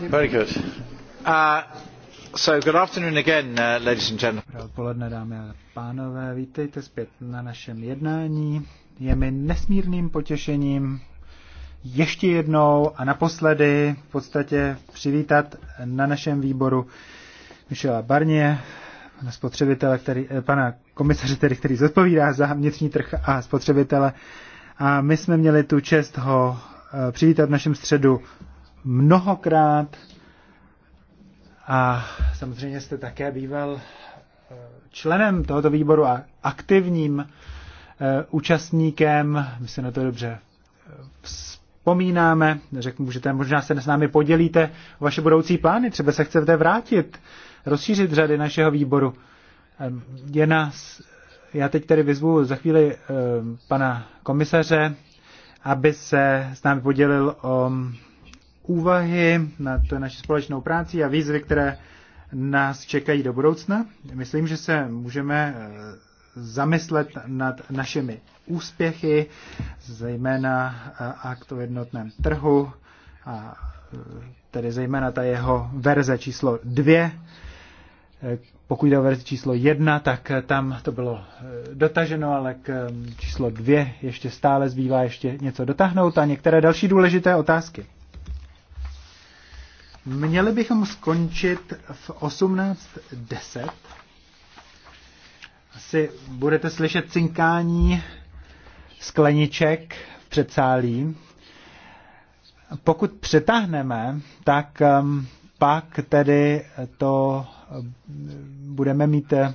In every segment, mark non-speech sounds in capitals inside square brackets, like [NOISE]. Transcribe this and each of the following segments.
Very good. Uh, so good afternoon again, uh, ladies and gentlemen. Dobré odpoledne, dámy a pánové. Vítejte zpět na našem jednání. Je mi nesmírným potěšením ještě jednou a naposledy v podstatě přivítat na našem výboru Michela Barně, pana spotřebitele, který, eh, pana komisaře, který, který zodpovídá za vnitřní trh a spotřebitele. A my jsme měli tu čest ho eh, přivítat v našem středu mnohokrát a samozřejmě jste také býval eh, členem tohoto výboru a aktivním eh, účastníkem. My se na to dobře eh, vzpomínáme. Řeknu, můžete, možná se s námi podělíte o vaše budoucí plány. Třeba se chcete vrátit, rozšířit řady našeho výboru. Je nás, já teď tedy vyzvu za chvíli pana komisaře, aby se s námi podělil o úvahy nad naši společnou práci a výzvy, které nás čekají do budoucna. Myslím, že se můžeme eh, zamyslet nad našimi úspěchy, zejména eh, akt o jednotném trhu, a eh, tedy zejména ta jeho verze číslo dvě. Pokud jde o verzi číslo jedna, tak tam to bylo dotaženo, ale k číslo dvě ještě stále zbývá ještě něco dotáhnout a některé další důležité otázky. Měli bychom skončit v 18.10. Asi budete slyšet cinkání skleniček v předsálí. Pokud přetáhneme, tak um, pak tedy to um, budeme mít uh,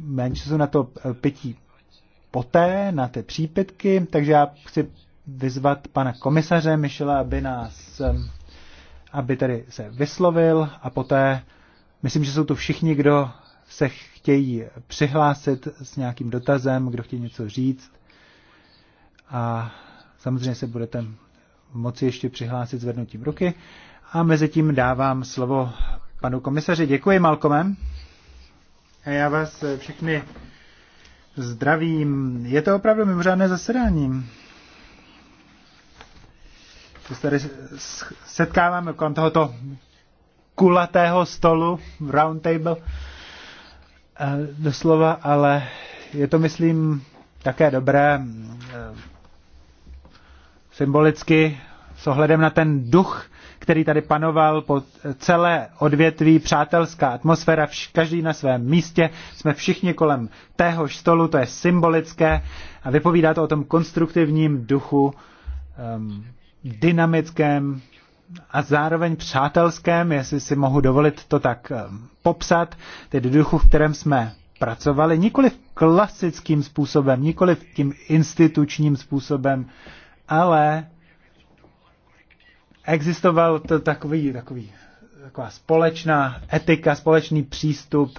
méně času na to uh, pití poté, na ty přípitky, takže já chci vyzvat pana komisaře Michela, aby nás, aby tady se vyslovil a poté, myslím, že jsou tu všichni, kdo se chtějí přihlásit s nějakým dotazem, kdo chtějí něco říct a samozřejmě se budete moci ještě přihlásit zvednutím ruky. A mezi tím dávám slovo panu komisaři. Děkuji, Malkomem. A já vás všechny zdravím. Je to opravdu mimořádné zasedání že se tady setkáváme kolem tohoto kulatého stolu, round table, eh, doslova, ale je to, myslím, také dobré eh, symbolicky s ohledem na ten duch, který tady panoval po celé odvětví, přátelská atmosféra, vš- každý na svém místě, jsme všichni kolem téhož stolu, to je symbolické a vypovídá to o tom konstruktivním duchu um, dynamickém a zároveň přátelském, jestli si mohu dovolit to tak eh, popsat, tedy duchu, v kterém jsme pracovali, nikoli v klasickým způsobem, nikoli v tím institučním způsobem, ale existoval to takový, takový, taková společná etika, společný přístup,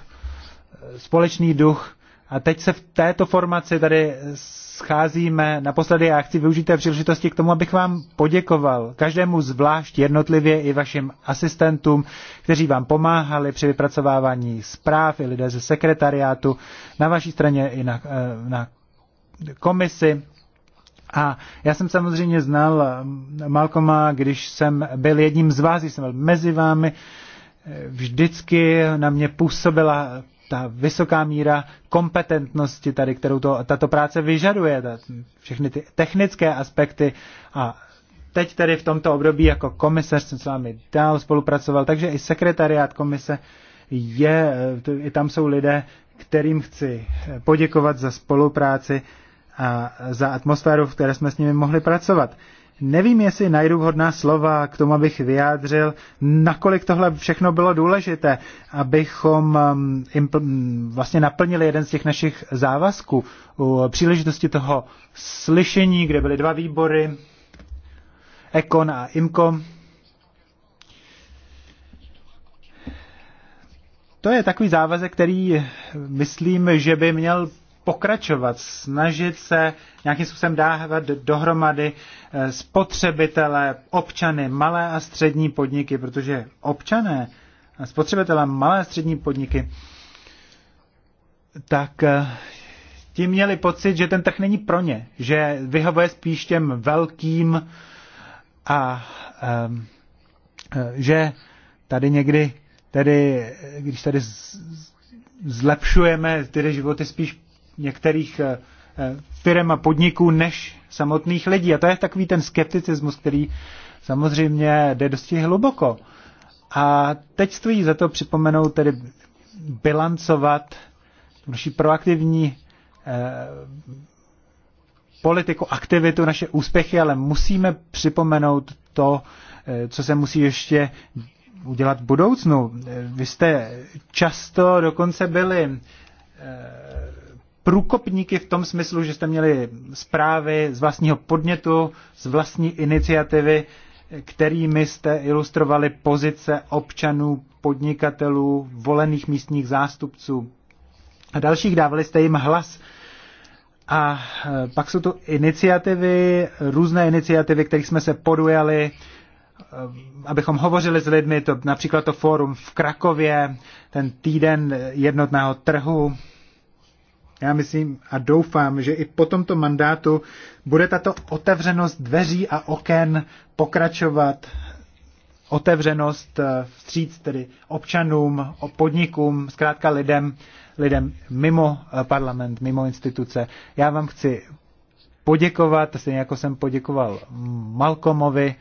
eh, společný duch, a teď se v této formaci tady scházíme naposledy a já chci využít té příležitosti k tomu, abych vám poděkoval každému zvlášť jednotlivě i vašim asistentům, kteří vám pomáhali při vypracovávání zpráv i lidé ze sekretariátu na vaší straně i na, eh, na komisi. A já jsem samozřejmě znal eh, Malcoma, když jsem byl jedním z vás, jsem byl mezi vámi, eh, vždycky na mě působila ta vysoká míra kompetentnosti tady, kterou to, tato práce vyžaduje, ta, všechny ty technické aspekty a teď tedy v tomto období jako komisař jsem s vámi dál spolupracoval, takže i sekretariát komise je, i tam jsou lidé, kterým chci poděkovat za spolupráci a za atmosféru, v které jsme s nimi mohli pracovat. Nevím, jestli najdu vhodná slova k tomu, abych vyjádřil, nakolik tohle všechno bylo důležité, abychom um, vlastně naplnili jeden z těch našich závazků. U příležitosti toho slyšení, kde byly dva výbory, Ekon a Imko, To je takový závazek, který myslím, že by měl pokračovat, snažit se nějakým způsobem dávat dohromady eh, spotřebitele, občany, malé a střední podniky, protože občané, spotřebitele, malé a střední podniky, tak eh, ti měli pocit, že ten trh není pro ně, že vyhovuje spíš těm velkým a um, že tady někdy, tedy, když tady zlepšujeme tedy životy spíš některých eh, eh, firm a podniků než samotných lidí. A to je takový ten skepticismus, který samozřejmě jde dosti hluboko. A teď stojí za to připomenout, tedy bilancovat naši proaktivní eh, politiku, aktivitu, naše úspěchy, ale musíme připomenout to, co se musí ještě udělat v budoucnu. Vy jste často dokonce byli průkopníky v tom smyslu, že jste měli zprávy z vlastního podnětu, z vlastní iniciativy, kterými jste ilustrovali pozice občanů, podnikatelů, volených místních zástupců a dalších. Dávali jste jim hlas. A e, pak jsou tu iniciativy, různé iniciativy, kterých jsme se podujali, e, abychom hovořili s lidmi, to, například to fórum v Krakově, ten týden jednotného trhu, já myslím a doufám, že i po tomto mandátu bude tato otevřenost dveří a oken pokračovat. Otevřenost eh, vstříc tedy občanům, podnikům, zkrátka lidem, lidem mimo eh, parlament, mimo instituce. Já vám chci poděkovat, stejně jako jsem poděkoval Malcolmovi,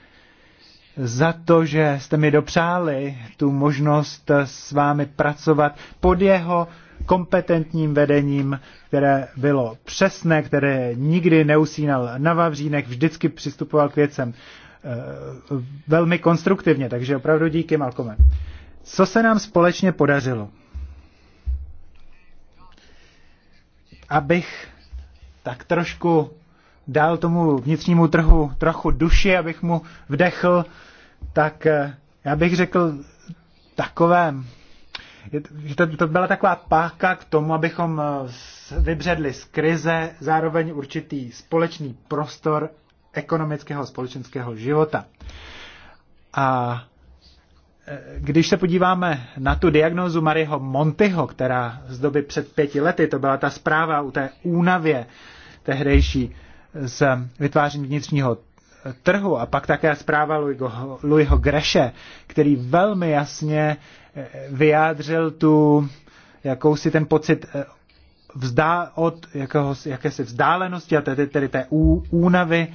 za to, že jste mi dopřáli tu možnost eh, s vámi pracovat pod jeho kompetentním vedením, které bylo přesné, které nikdy neusínal na Vavřínek, vždycky přistupoval k věcem eh, velmi konstruktivně, takže opravdu díky, Malkome. Co se nám společně podařilo? Abych tak trošku dal tomu vnitřnímu trhu trochu duši, abych mu vdechl, tak eh, já bych řekl takové že to, to byla taková páka k tomu, abychom eh, vybředli z krize zároveň určitý společný prostor ekonomického společenského života. A eh, když se podíváme na tu diagnózu Mariho Montyho, která z doby před pěti lety, to byla ta zpráva u té únavě tehdejší z eh, vytváření vnitřního trhu a pak také zpráva Louisho, Louisho Greše, který velmi jasně eh, vyjádřil tu jakousi ten pocit eh, vzdá, od jakého, jakési vzdálenosti a tedy, tedy té ú, únavy.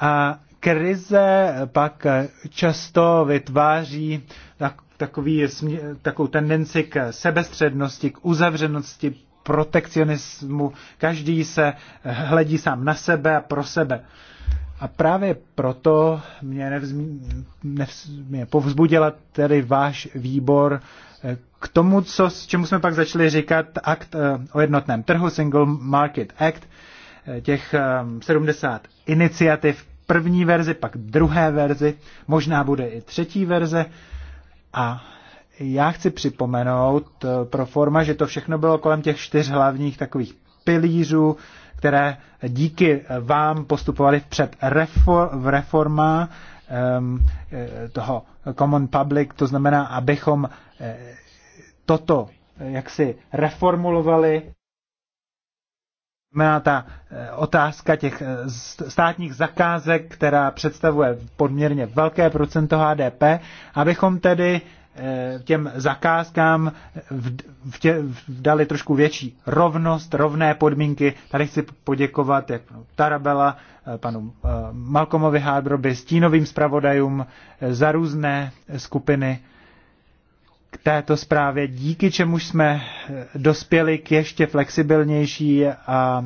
A krize pak eh, často vytváří tak, takový, takovou tendenci k sebestřednosti, k uzavřenosti, protekcionismu. Každý se hledí sám na sebe a pro sebe. A právě proto mě, nevzmí, nevz, mě povzbudila tedy váš výbor eh, k tomu, co, s čemu jsme pak začali říkat akt eh, o jednotném trhu, Single Market Act, eh, těch 70 iniciativ první verzi, pak druhé verzi, možná bude i třetí verze. A já chci připomenout pro forma, že to všechno bylo kolem těch čtyř hlavních takových pilířů, které díky vám postupovaly před reforma eh, toho common public, to znamená, abychom eh, toto eh, jaksi reformulovali. Znamená ta otázka těch státních zakázek, která představuje poměrně velké procento HDP, abychom tedy Eh, těm zakázkám v tě, dali trošku větší rovnost, rovné podmínky. Tady chci poděkovat jak panu Tarabela, eh, panu eh, Malcolmovi Hádroby, stínovým zpravodajům za různé skupiny k této zprávě, díky čemuž jsme dospěli k ještě flexibilnější a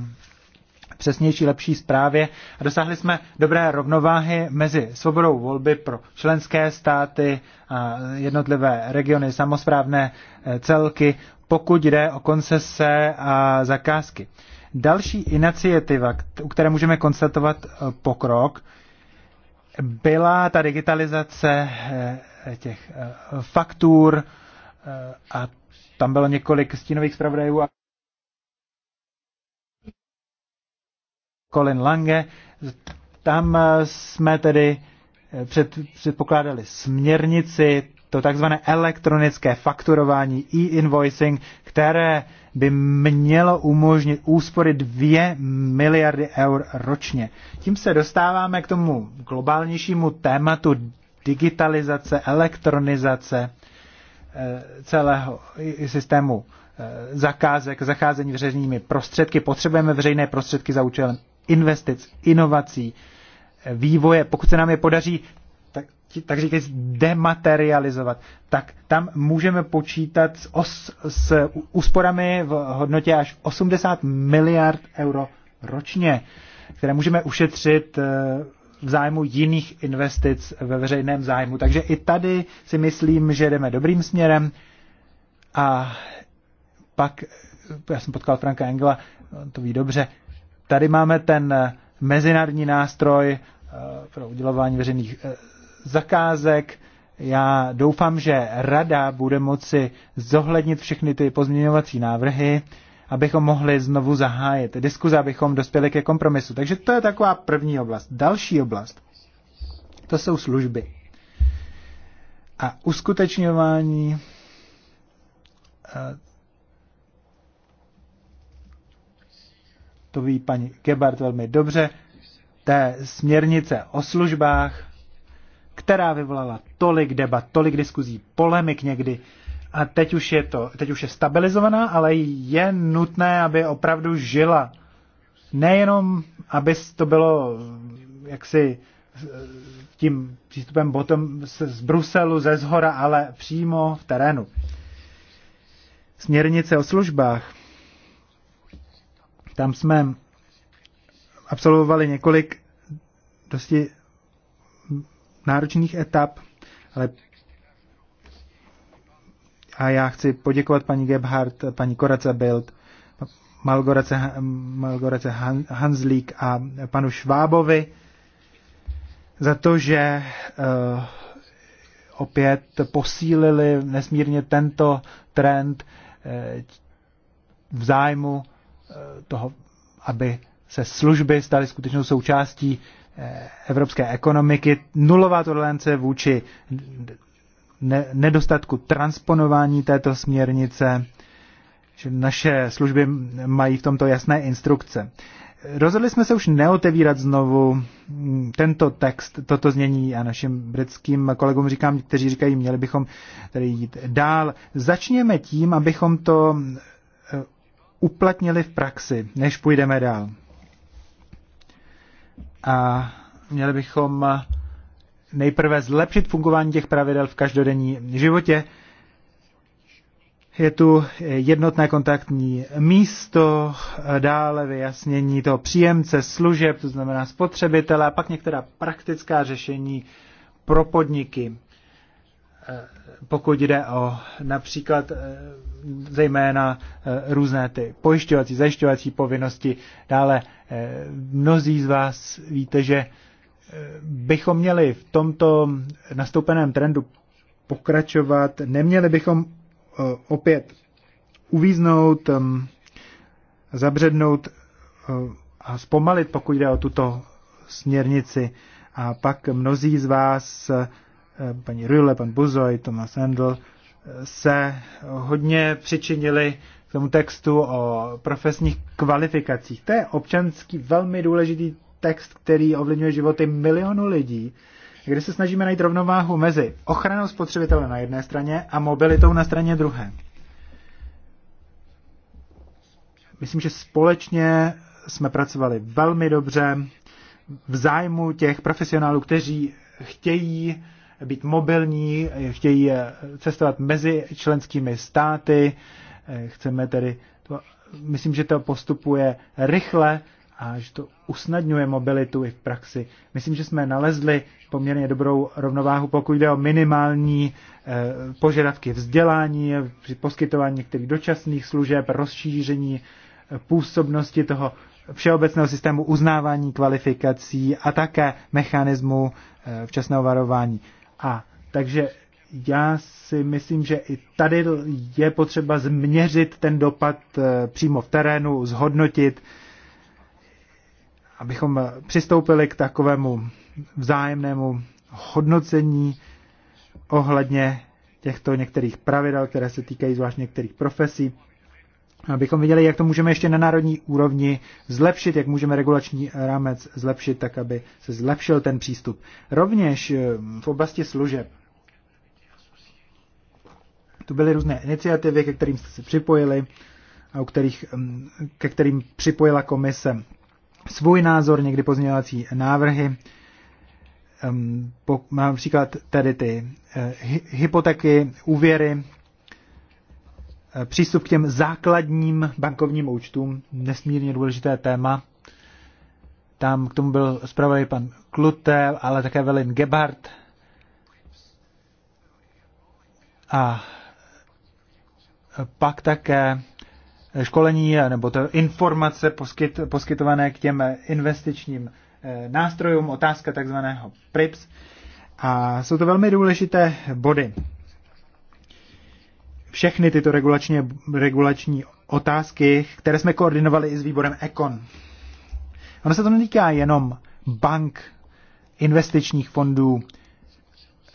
přesnější, lepší zprávě a dosáhli jsme dobré rovnováhy mezi svobodou volby pro členské státy a jednotlivé regiony, samozprávné e, celky, pokud jde o koncese a zakázky. Další iniciativa, u které můžeme konstatovat e, pokrok, byla ta digitalizace e, těch faktur a tam bylo několik stínových zpravodajů. Colin Lange. Tam eh, jsme tedy eh, před, předpokládali směrnici, to takzvané elektronické fakturování, e-invoicing, které by mělo umožnit úspory 2 miliardy eur ročně. Tím se dostáváme k tomu globálnějšímu tématu digitalizace, elektronizace eh, celého systému zakázek, zacházení veřejnými prostředky. Potřebujeme veřejné prostředky za účelem investic, inovací, vývoje, pokud se nám je podaří tak, tak říkají, dematerializovat, tak tam můžeme počítat s, os, s úsporami v hodnotě až 80 miliard euro ročně, které můžeme ušetřit eh, v zájmu jiných investic ve veřejném zájmu. Takže i tady si myslím, že jdeme dobrým směrem. A pak, já jsem potkal Franka Engela, on to ví dobře, tady máme ten eh, mezinárodní nástroj eh, pro udělování veřejných eh, zakázek. Já doufám, že rada bude moci zohlednit všechny ty pozměňovací návrhy, abychom mohli znovu zahájit diskuze, abychom dospěli ke kompromisu. Takže to je taková první oblast. Další oblast, to jsou služby. A uskutečňování to ví paní Gebhardt velmi dobře, té směrnice o službách, která vyvolala tolik debat, tolik diskuzí, polemik někdy. A teď už je to, teď už je stabilizovaná, ale je nutné, aby opravdu žila. Nejenom, aby to bylo eh, jaksi eh, tím přístupem bottom z Bruselu, ze zhora, ale přímo v terénu. Směrnice o službách tam jsme absolvovali několik dosti náročných etap, ale a já chci poděkovat paní Gebhardt, paní Korace Bild, Malgorace, Malgorace Hanslík a panu Švábovi za to, že uh, opět posílili nesmírně tento trend uh, v zájmu Eh, toho, aby se služby staly skutečnou součástí eh, evropské ekonomiky. Nulová tolerance vůči nedostatku transponování této směrnice, že naše služby mají v tomto jasné instrukce. Rozhodli jsme se už neotevírat znovu mm, tento text, toto znění a našim britským kolegům říkám, kteří říkají, měli bychom tady jít dál. Začněme tím, abychom to uplatnili v praxi, než půjdeme dál. A měli bychom nejprve zlepšit fungování těch pravidel v každodenní životě. Je tu jednotné kontaktní místo, dále vyjasnění toho příjemce služeb, to znamená spotřebitele, a pak některá praktická řešení pro podniky Eh, pokud jde o například eh, zejména eh, různé ty pojišťovací, zajišťovací povinnosti. Dále mnozí z vás víte, že bychom měli v tomto nastoupeném trendu pokračovat, neměli bychom opět uvíznout, zabřednout a zpomalit, pokud jde o tuto směrnici. A pak mnozí z vás Eh, paní Rüle, pan Buzoj, Thomas Endl eh, se hodně přičinili k tomu textu o profesních kvalifikacích. To je občanský velmi důležitý text, který ovlivňuje životy milionů lidí, kde se snažíme najít rovnováhu mezi ochranou spotřebitele na jedné straně a mobilitou na straně druhé. Myslím, že společně jsme pracovali velmi dobře v zájmu těch profesionálů, kteří chtějí být mobilní, chtějí cestovat mezi členskými státy, chceme tedy, to, myslím, že to postupuje rychle a že to usnadňuje mobilitu i v praxi. Myslím, že jsme nalezli poměrně dobrou rovnováhu, pokud jde o minimální eh, požadavky vzdělání, při poskytování některých dočasných služeb, rozšíření eh, působnosti toho všeobecného systému uznávání kvalifikací a také mechanismu eh, včasného varování. A takže já si myslím, že i tady je potřeba změřit ten dopad eh, přímo v terénu, zhodnotit, abychom přistoupili k takovému vzájemnému hodnocení ohledně těchto některých pravidel, které se týkají zvlášť některých profesí abychom viděli, jak to můžeme ještě na národní úrovni zlepšit, jak můžeme regulační rámec zlepšit, tak aby se zlepšil ten přístup. Rovněž eh, v oblasti služeb. Tu byly různé iniciativy, ke kterým jste se připojili a u kterých, mm, ke kterým připojila komise svůj názor, někdy pozměňovací návrhy. Mám ehm, příklad tedy ty eh, hypotéky, úvěry, přístup k těm základním bankovním účtům, nesmírně důležité téma. Tam k tomu byl zpravodaj pan Klute, ale také Velin Gebhardt. A pak také školení nebo to informace poskyt, poskytované k těm investičním eh, nástrojům, otázka takzvaného PRIPS. A jsou to velmi důležité body všechny tyto regulační, regulační otázky, které jsme koordinovali i s výborem Econ. Ono se to netýká jenom bank, investičních fondů,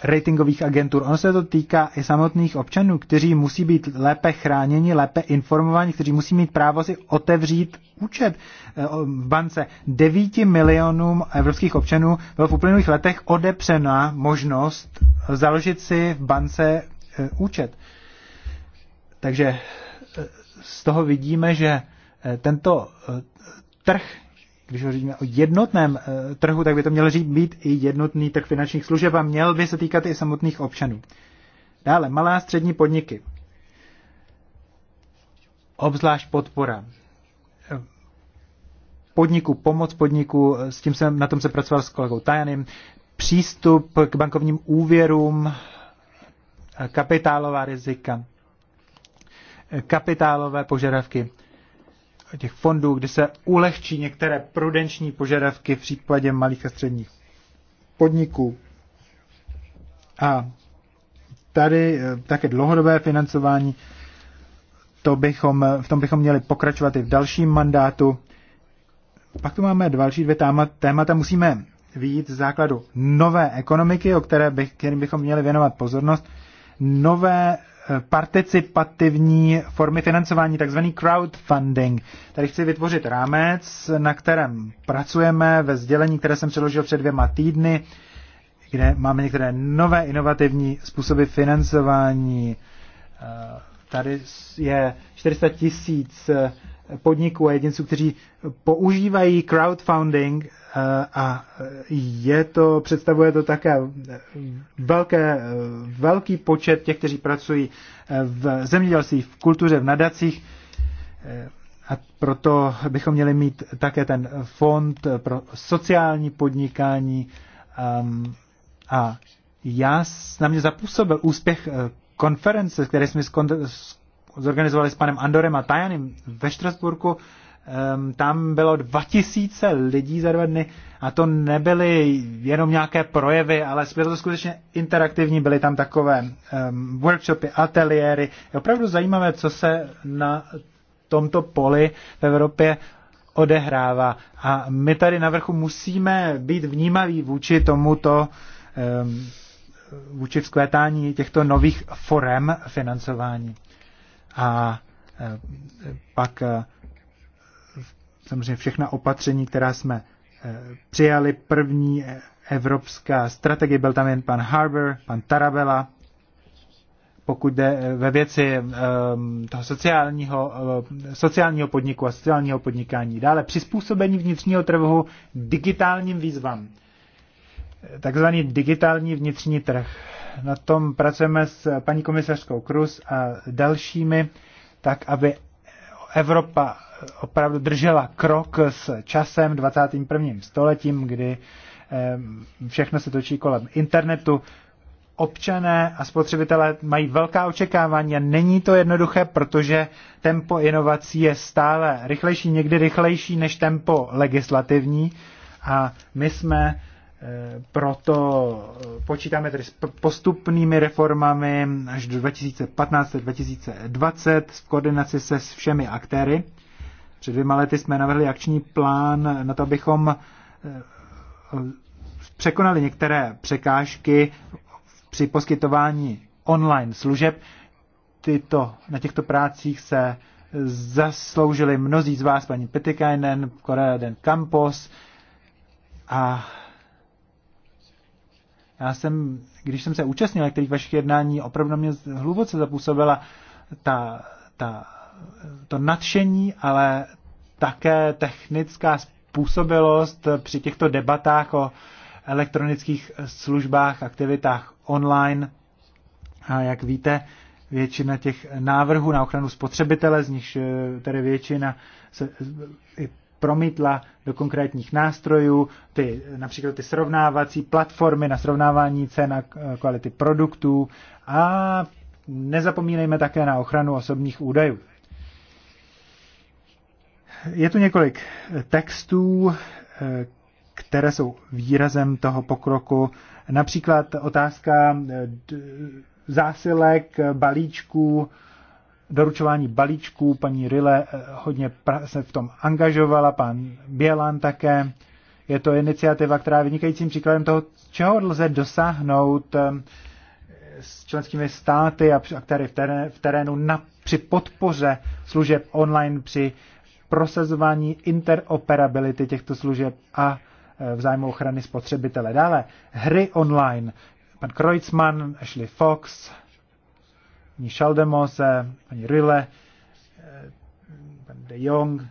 ratingových agentur. Ono se to týká i samotných občanů, kteří musí být lépe chráněni, lépe informováni, kteří musí mít právo si otevřít účet eh, v bance. 9 milionům evropských občanů byl v uplynulých letech odepřena možnost založit si v bance eh, účet. Takže eh, z toho vidíme, že eh, tento eh, trh, když hovoříme o jednotném trhu, tak by to měl být i jednotný trh finančních služeb a měl by se týkat i samotných občanů. Dále, malá a střední podniky. Obzvlášť podpora podniku, pomoc podniku, s tím jsem, na tom se pracoval s kolegou Tajanem, přístup k bankovním úvěrům, kapitálová rizika kapitálové požadavky těch fondů, kdy se ulehčí některé prudenční požadavky v případě malých a středních podniků. A tady eh, také dlouhodobé financování, to bychom, v tom bychom měli pokračovat i v dalším mandátu. Pak tu máme další dvě témata. Musíme výjít z základu nové ekonomiky, o které bych, kterým bychom měli věnovat pozornost, nové participativní formy financování, takzvaný crowdfunding. Tady chci vytvořit rámec, na kterém pracujeme ve sdělení, které jsem přeložil před dvěma týdny, kde máme některé nové inovativní způsoby financování. Eh, tady je 400 tisíc eh, podniků a jedinců, kteří používají crowdfunding eh, a je to, představuje to také eh, velké, eh, velký počet těch, kteří pracují v zemědělství, v kultuře, v nadacích a proto bychom měli mít také ten fond pro sociální podnikání ehm, a já na mě zapůsobil úspěch konference, které jsme zorganizovali s panem Andorem a Tajanem ve Štrasburku, ehm, tam bylo 2000 lidí za dva dny a to nebyly jenom nějaké projevy, ale bylo to skutečně interaktivní, byly tam takové um, workshopy, ateliéry. Je opravdu zajímavé, co se na tomto poli v Evropě odehrává. A my tady na vrchu musíme být vnímaví vůči tomuto, um, vůči vzkvétání těchto nových forem financování. A e, pak e, samozřejmě všechna opatření, která jsme e, přijali, první evropská strategie, byl tam jen pan Harbour, pan Tarabella, pokud jde ve věci toho sociálního, sociálního podniku a sociálního podnikání. Dále přizpůsobení vnitřního trhu digitálním výzvám. Takzvaný digitální vnitřní trh na tom pracujeme s paní komisařskou Krus a dalšími, tak aby Evropa opravdu držela krok s časem 21. stoletím, kdy všechno se točí kolem internetu. Občané a spotřebitelé mají velká očekávání a není to jednoduché, protože tempo inovací je stále rychlejší, někdy rychlejší než tempo legislativní a my jsme Eh, proto eh, počítáme tedy s postupnými reformami až do 2015-2020 v koordinaci se s všemi aktéry. Před dvěma lety jsme navrhli akční plán na to, abychom eh, překonali některé překážky při poskytování online služeb. Tyto, na těchto prácích se zasloužili mnozí z vás, paní Petikainen, Korea Den Campos a já jsem, když jsem se účastnil některých vašich jednání, opravdu mě hluboce zapůsobila ta, ta, to nadšení, ale také technická způsobilost při těchto debatách o elektronických službách, aktivitách online. A jak víte, většina těch návrhů na ochranu spotřebitele, z nichž eh, tedy většina se promítla do konkrétních nástrojů, ty, například ty srovnávací platformy na srovnávání cen a kvality produktů a nezapomínejme také na ochranu osobních údajů. Je tu několik textů, které jsou výrazem toho pokroku. Například otázka zásilek, balíčků, doručování balíčků. Paní Rille eh, hodně se v tom angažovala, pan Bělan také. Je to iniciativa, která je vynikajícím příkladem toho, čeho lze dosáhnout eh, s členskými státy a aktéry v terénu na, při podpoře služeb online, při prosazování interoperability těchto služeb a eh, v zájmu ochrany spotřebitele. Dále hry online. Pan Kreutzmann, Ashley Fox, paní Šaldemose, paní Rille, eh, pan De Jong.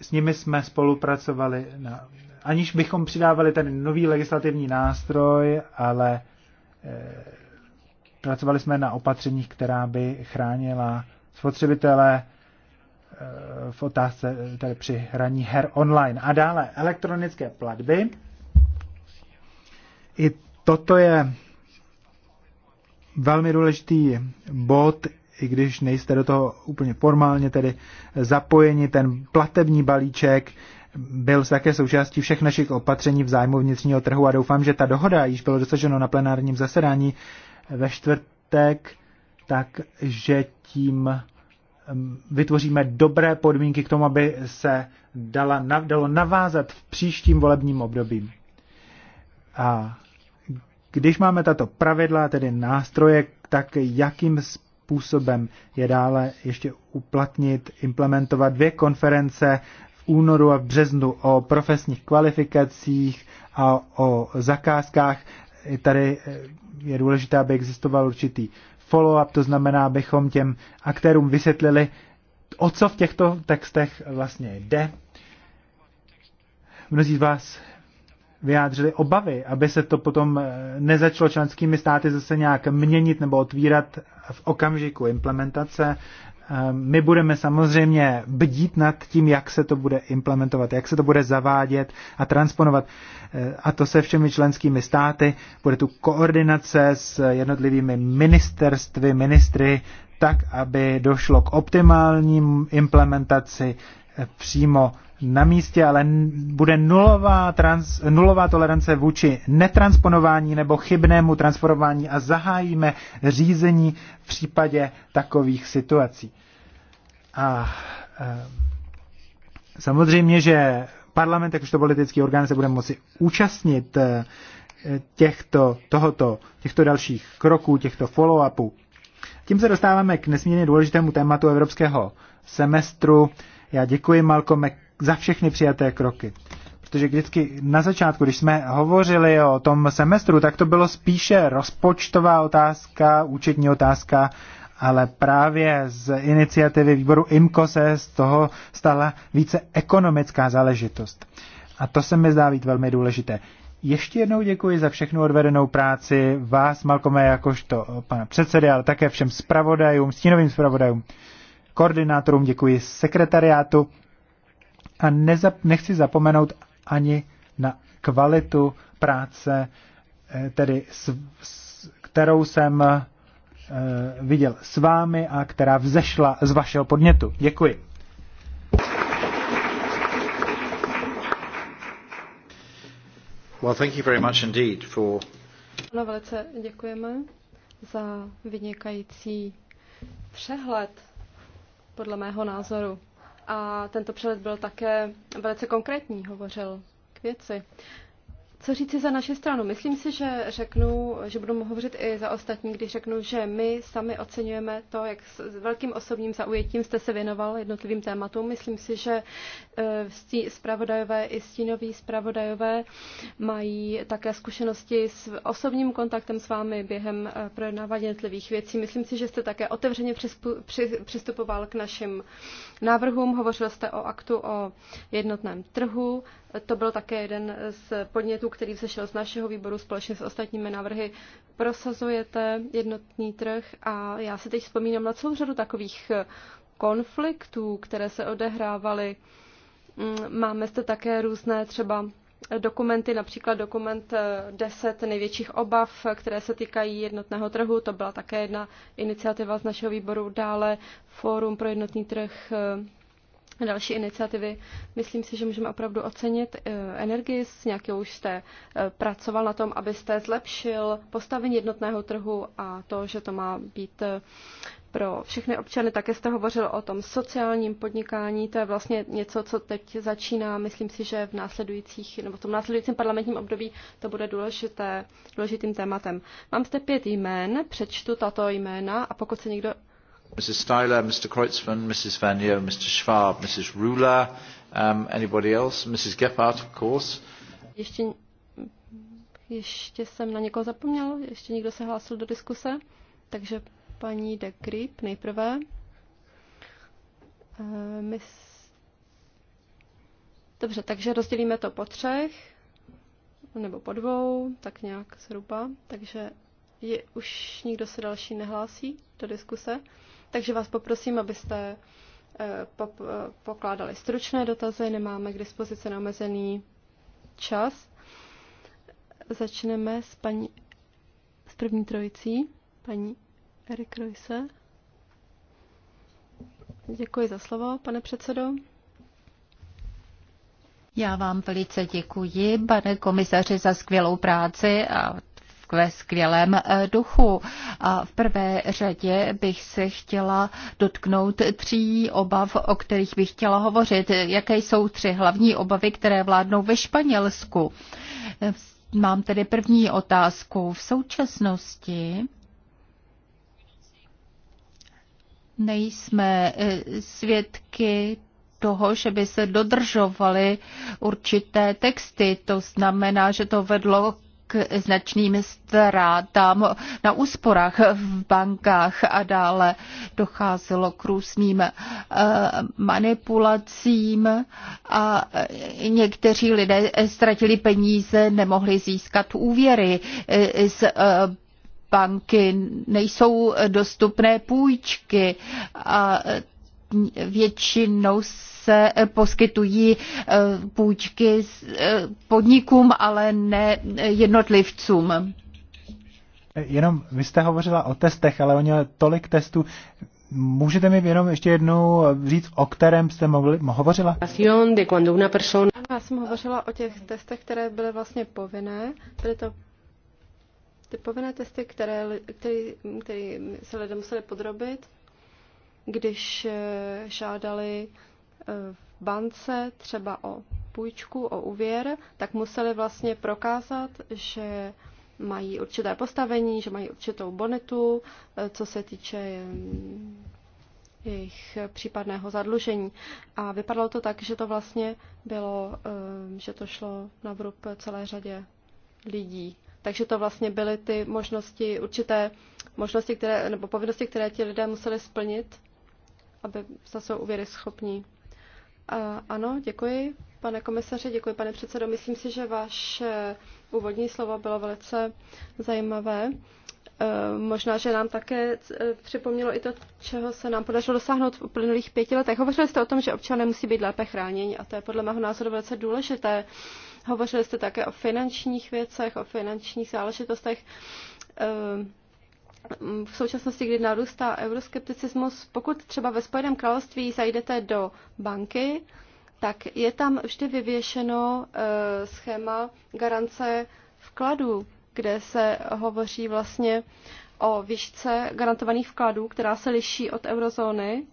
S nimi jsme spolupracovali, na, aniž bychom přidávali ten nový legislativní nástroj, ale eh, pracovali jsme na opatřeních, která by chránila spotřebitele eh, v otázce tady při hraní her online. A dále elektronické platby. I toto je velmi důležitý bod, i když nejste do toho úplně formálně tedy zapojeni, ten platební balíček byl také součástí všech našich opatření v zájmu vnitřního trhu a doufám, že ta dohoda, již bylo dosaženo na plenárním zasedání ve čtvrtek, takže tím vytvoříme dobré podmínky k tomu, aby se dala, dalo navázat v příštím volebním období. A když máme tato pravidla, tedy nástroje, tak jakým způsobem je dále ještě uplatnit, implementovat dvě konference v únoru a v březnu o profesních kvalifikacích a o zakázkách. Tady eh, je důležité, aby existoval určitý follow-up, to znamená, abychom těm aktérům vysvětlili, o co v těchto textech vlastně jde. Mnozí z vás vyjádřili obavy, aby se to potom eh, nezačalo členskými státy zase nějak měnit nebo otvírat v okamžiku implementace. Ehm, my budeme samozřejmě bdít nad tím, jak se to bude implementovat, jak se to bude zavádět a transponovat. Eh, a to se všemi členskými státy. Bude tu koordinace s jednotlivými ministerstvy, ministry, tak, aby došlo k optimální implementaci eh, přímo na místě, ale bude nulová, trans, nulová tolerance vůči netransponování nebo chybnému transponování a zahájíme řízení v případě takových situací. A e, samozřejmě, že parlament, jakožto politický orgán, se bude moci účastnit e, těchto, tohoto, těchto dalších kroků, těchto follow-upů. Tím se dostáváme k nesmírně důležitému tématu evropského semestru. Já děkuji Malcolme za všechny přijaté kroky. Protože vždycky na začátku, když jsme hovořili o tom semestru, tak to bylo spíše rozpočtová otázka, účetní otázka, ale právě z iniciativy výboru IMCO se z toho stala více ekonomická záležitost. A to se mi zdá být velmi důležité. Ještě jednou děkuji za všechnu odvedenou práci vás, Malkome, jakožto pana předsedy, ale také všem zpravodajům, stínovým zpravodajům, koordinátorům, děkuji sekretariátu. A nezap, nechci zapomenout ani na kvalitu práce, eh, tedy s, s, kterou jsem e, viděl s vámi a která vzešla z vašeho podnětu. Děkuji. Well, thank you very much indeed for... No, velice děkujeme za vynikající přehled, podle mého názoru a tento přelet byl také velice konkrétní, hovořil k věci. Co říci za naši stranu? Myslím si, že řeknu, že budu hovořit i za ostatní, když řeknu, že my sami oceňujeme to, jak s velkým osobním zaujetím jste se věnoval jednotlivým tématům. Myslím si, že eh, zpravodajové i stínoví zpravodajové mají také zkušenosti s osobním kontaktem s vámi během eh, projednávání jednotlivých věcí. Myslím si, že jste také otevřeně přistupoval k našim návrhům. Hovořil jste o aktu o jednotném trhu, to byl také jeden z podnětů, který vzešel z našeho výboru společně s ostatními návrhy. Prosazujete jednotný trh a já si teď vzpomínám na celou řadu takových eh, konfliktů, které se odehrávaly. Mm, máme zde také různé třeba dokumenty, například dokument 10 eh, největších obav, eh, které se týkají jednotného trhu. To byla také jedna iniciativa z našeho výboru. Dále Fórum pro jednotný trh další iniciativy. Myslím si, že můžeme opravdu ocenit eh, energii, s nějakou už jste eh, pracoval na tom, abyste zlepšil postavení jednotného trhu a to, že to má být eh, pro všechny občany. Také jste hovořil o tom sociálním podnikání. To je vlastně něco, co teď začíná. Myslím si, že v následujících, nebo v tom následujícím parlamentním období to bude důležité, důležitým tématem. Mám zde pět jmén, přečtu tato jména a pokud se někdo Mrs. Styler, Mr. Kreutzmann, Mrs. Vanier, Mr. Schwab, Mrs. Ruler, um, anybody else? Mrs. Gephardt, of course. Ještě, ještě jsem na někoho zapomněl, ještě někdo se hlásil do diskuse, takže paní de Krip nejprve. Uh, mis... Dobře, takže rozdělíme to po třech, nebo po dvou, tak nějak zhruba. Takže je, už nikdo se další nehlásí do diskuse takže vás poprosím, abyste eh, eh, pokládali stručné dotazy, nemáme k dispozici na omezený čas. Začneme s paní s první trojicí, paní Erik Rojse. Děkuji za slovo, pane předsedo. Já vám velice děkuji, pane komisaři, za skvělou práci a ve skvělém eh, duchu. A v prvé řadě bych se chtěla dotknout tří obav, o kterých bych chtěla hovořit. Jaké jsou tři hlavní obavy, které vládnou ve Španělsku? Mám tedy první otázku. V současnosti nejsme eh, svědky toho, že by se dodržovaly určité texty. To znamená, že to vedlo k značným ztrátám na úsporách v bankách a dále docházelo k různým eh, manipulacím a eh, někteří lidé eh, ztratili peníze, nemohli získat úvěry z banky, nejsou dostupné půjčky a většinou se eh, poskytují eh, půjčky eh, podnikům, ale ne jednotlivcům. Jenom vy jste hovořila o testech, ale oni tolik testů. Můžete mi jenom ještě jednou říct, o kterém jste mohli, hovořila? Já jsem hovořila o těch testech, které byly vlastně povinné. Byly to ty povinné testy, které, které, které se lidé museli podrobit když eh, žádali eh, v bance třeba o půjčku, o úvěr, tak museli vlastně prokázat, že mají určité postavení, že mají určitou bonitu, eh, co se týče jejich případného zadlužení. A vypadalo to tak, že to vlastně bylo, že to šlo na vrub celé řadě lidí. Takže to vlastně byly ty možnosti, určité možnosti, které, nebo povinnosti, které ti lidé museli splnit aby zase uvěry schopní. schopní. Ano, děkuji, pane komisaři, děkuji, pane předsedo. Myslím si, že vaše úvodní slovo bylo velice zajímavé. E, možná, že nám také e, připomnělo i to, čeho se nám podařilo dosáhnout v uplynulých pěti letech. Hovořili jste o tom, že občané musí být lépe chráněni a to je podle mého názoru velice důležité. Hovořili jste také o finančních věcech, o finančních záležitostech. E, v současnosti, kdy narůstá euroskepticismus, pokud třeba ve Spojeném království zajdete do banky, tak je tam vždy vyvěšeno uh, schéma garance vkladů, kde se hovoří vlastně o výšce garantovaných vkladů, která se liší od eurozóny,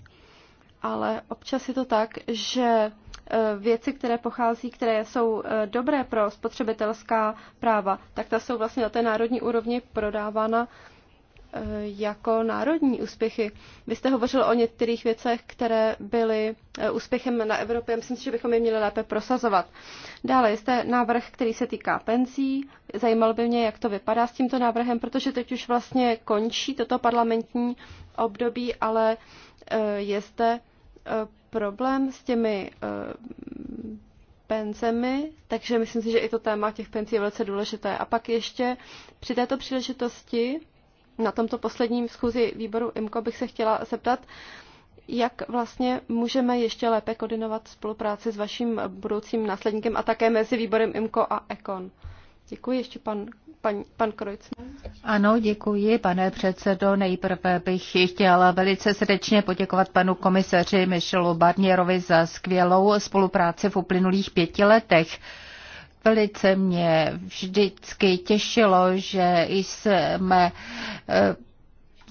ale občas je to tak, že eh, věci, které pochází, které jsou eh, dobré pro spotřebitelská práva, tak ta jsou vlastně na té národní úrovni prodávána Eh, jako národní úspěchy. Vy jste hovořil o některých věcech, které byly eh, úspěchem na Evropě. Myslím si, že bychom je měli lépe prosazovat. Dále jste návrh, který se týká penzí. Zajímalo by mě, jak to vypadá s tímto návrhem, protože teď už vlastně končí toto parlamentní období, ale eh, je zde problém s těmi penzemi, takže myslím si, že i to téma těch pencí je velice důležité. A pak ještě při této příležitosti na tomto posledním schůzi výboru IMCO bych se chtěla zeptat, jak vlastně můžeme ještě lépe koordinovat spolupráci s vaším budoucím následníkem a také mezi výborem IMCO a ECON. Děkuji ještě pan, pan, pan Krojcman. Ano, děkuji, pane předsedo. Nejprve bych chtěla velice srdečně poděkovat panu komisaři Michelu Barnierovi za skvělou spolupráci v uplynulých pěti letech Velice mě vždycky těšilo, že jsme eh,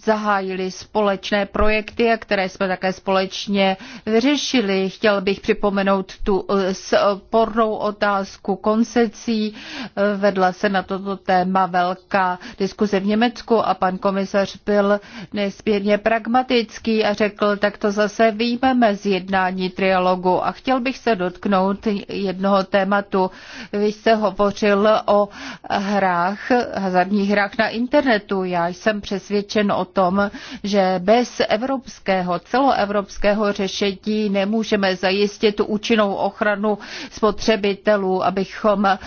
zahájili společné projekty, a které jsme také společně vyřešili. Chtěl bych připomenout tu eh, spornou otázku koncecí. Eh, vedla se na toto téma velká diskuze v Německu a pan komisař byl nesmírně pragmatický a řekl, tak to zase výjmeme z jednání trialogu. A chtěl bych se dotknout jednoho tématu. Vy jste hovořil o hrách, hazardních hrách na internetu. Já jsem přesvědčen o tom, že bez evropského, celoevropského řešení nemůžeme zajistit tu účinnou ochranu spotřebitelů, abychom eh,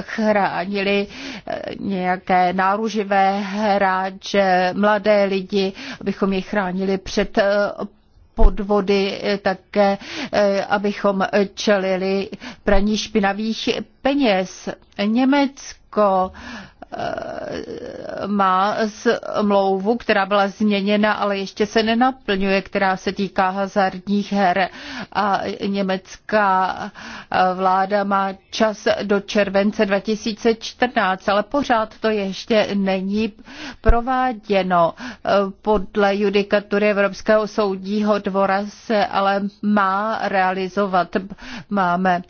chránili eh, nějaké náruživé hráče, mladé lidi, abychom je chránili před eh, podvody, také abychom čelili praní špinavých peněz. Německo má smlouvu, která byla změněna, ale ještě se nenaplňuje, která se týká hazardních her. A německá vláda má čas do července 2014, ale pořád to ještě není prováděno. Podle judikatury Evropského soudního dvora se ale má realizovat. Máme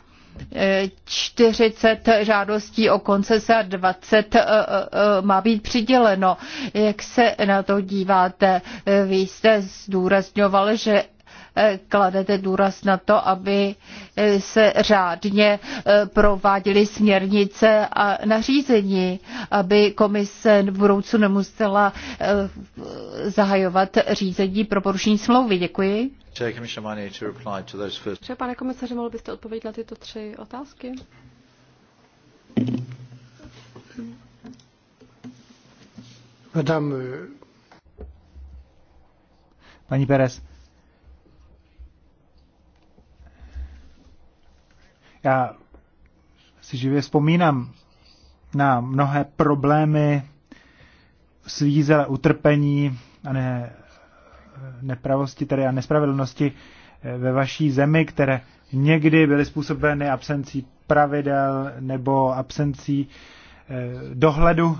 40 žádostí o koncese a 20 eh, eh, eh, má být přiděleno. Jak se na to díváte? Vy jste zdůrazňoval, že Eh, kladete důraz na to, aby eh, se řádně eh, prováděly směrnice a nařízení, aby komise v budoucnu nemusela zahajovat řízení pro porušení smlouvy. Děkuji. Třeba, pane komisaři, mohl byste odpovědět na tyto tři otázky? Madame. Paní Perez. Já si živě vzpomínám na mnohé problémy, svízele, utrpení a ne, nepravosti tedy a nespravedlnosti eh, ve vaší zemi, které někdy byly způsobeny absencí pravidel nebo absencí eh, dohledu.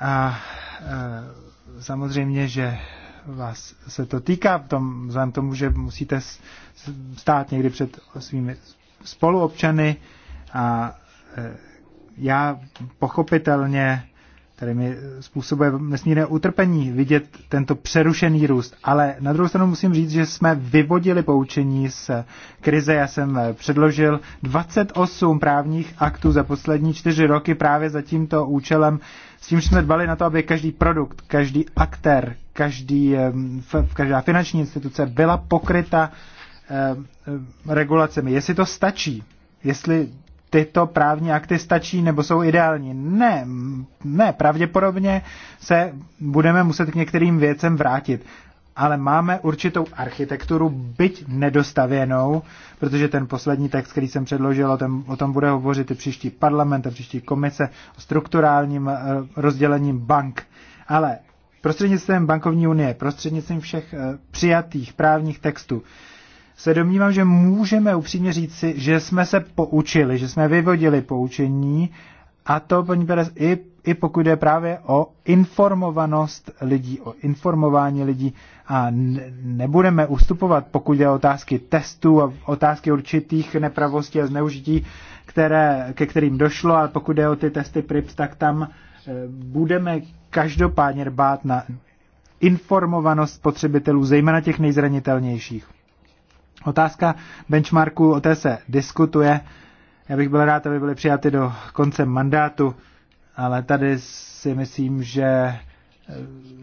A eh, samozřejmě, že vás se to týká, v tom, vzhledem tomu, že musíte stát někdy před svými spoluobčany a e, já pochopitelně tady mi způsobuje nesmírné utrpení vidět tento přerušený růst. Ale na druhou stranu musím říct, že jsme vyvodili poučení z krize. Já jsem e, předložil 28 právních aktů za poslední čtyři roky právě za tímto účelem, s tím, že jsme dbali na to, aby každý produkt, každý aktér, každý, v eh, každá finanční instituce byla pokryta eh, eh, regulacemi. Jestli to stačí, jestli tyto právní akty stačí nebo jsou ideální. Ne, ne, pravděpodobně se budeme muset k některým věcem vrátit. Ale máme určitou architekturu, byť nedostavěnou, protože ten poslední text, který jsem předložil, o tom, o tom bude hovořit i příští parlament, a příští komise o strukturálním rozdělením bank. Ale prostřednictvím bankovní unie, prostřednictvím všech eh, přijatých právních textů, se domnívám, že můžeme upřímně říci, že jsme se poučili, že jsme vyvodili poučení a to, paní Perez, i, i pokud jde právě o informovanost lidí, o informování lidí a nebudeme ustupovat, pokud jde o otázky testů a otázky určitých nepravostí a zneužití, které, ke kterým došlo a pokud jde o ty testy PRIPS, tak tam eh, budeme každopádně dbát na informovanost spotřebitelů, zejména těch nejzranitelnějších. Otázka benchmarku, o té se diskutuje. Já bych byl rád, aby byly přijaty do konce mandátu, ale tady si myslím, že eh,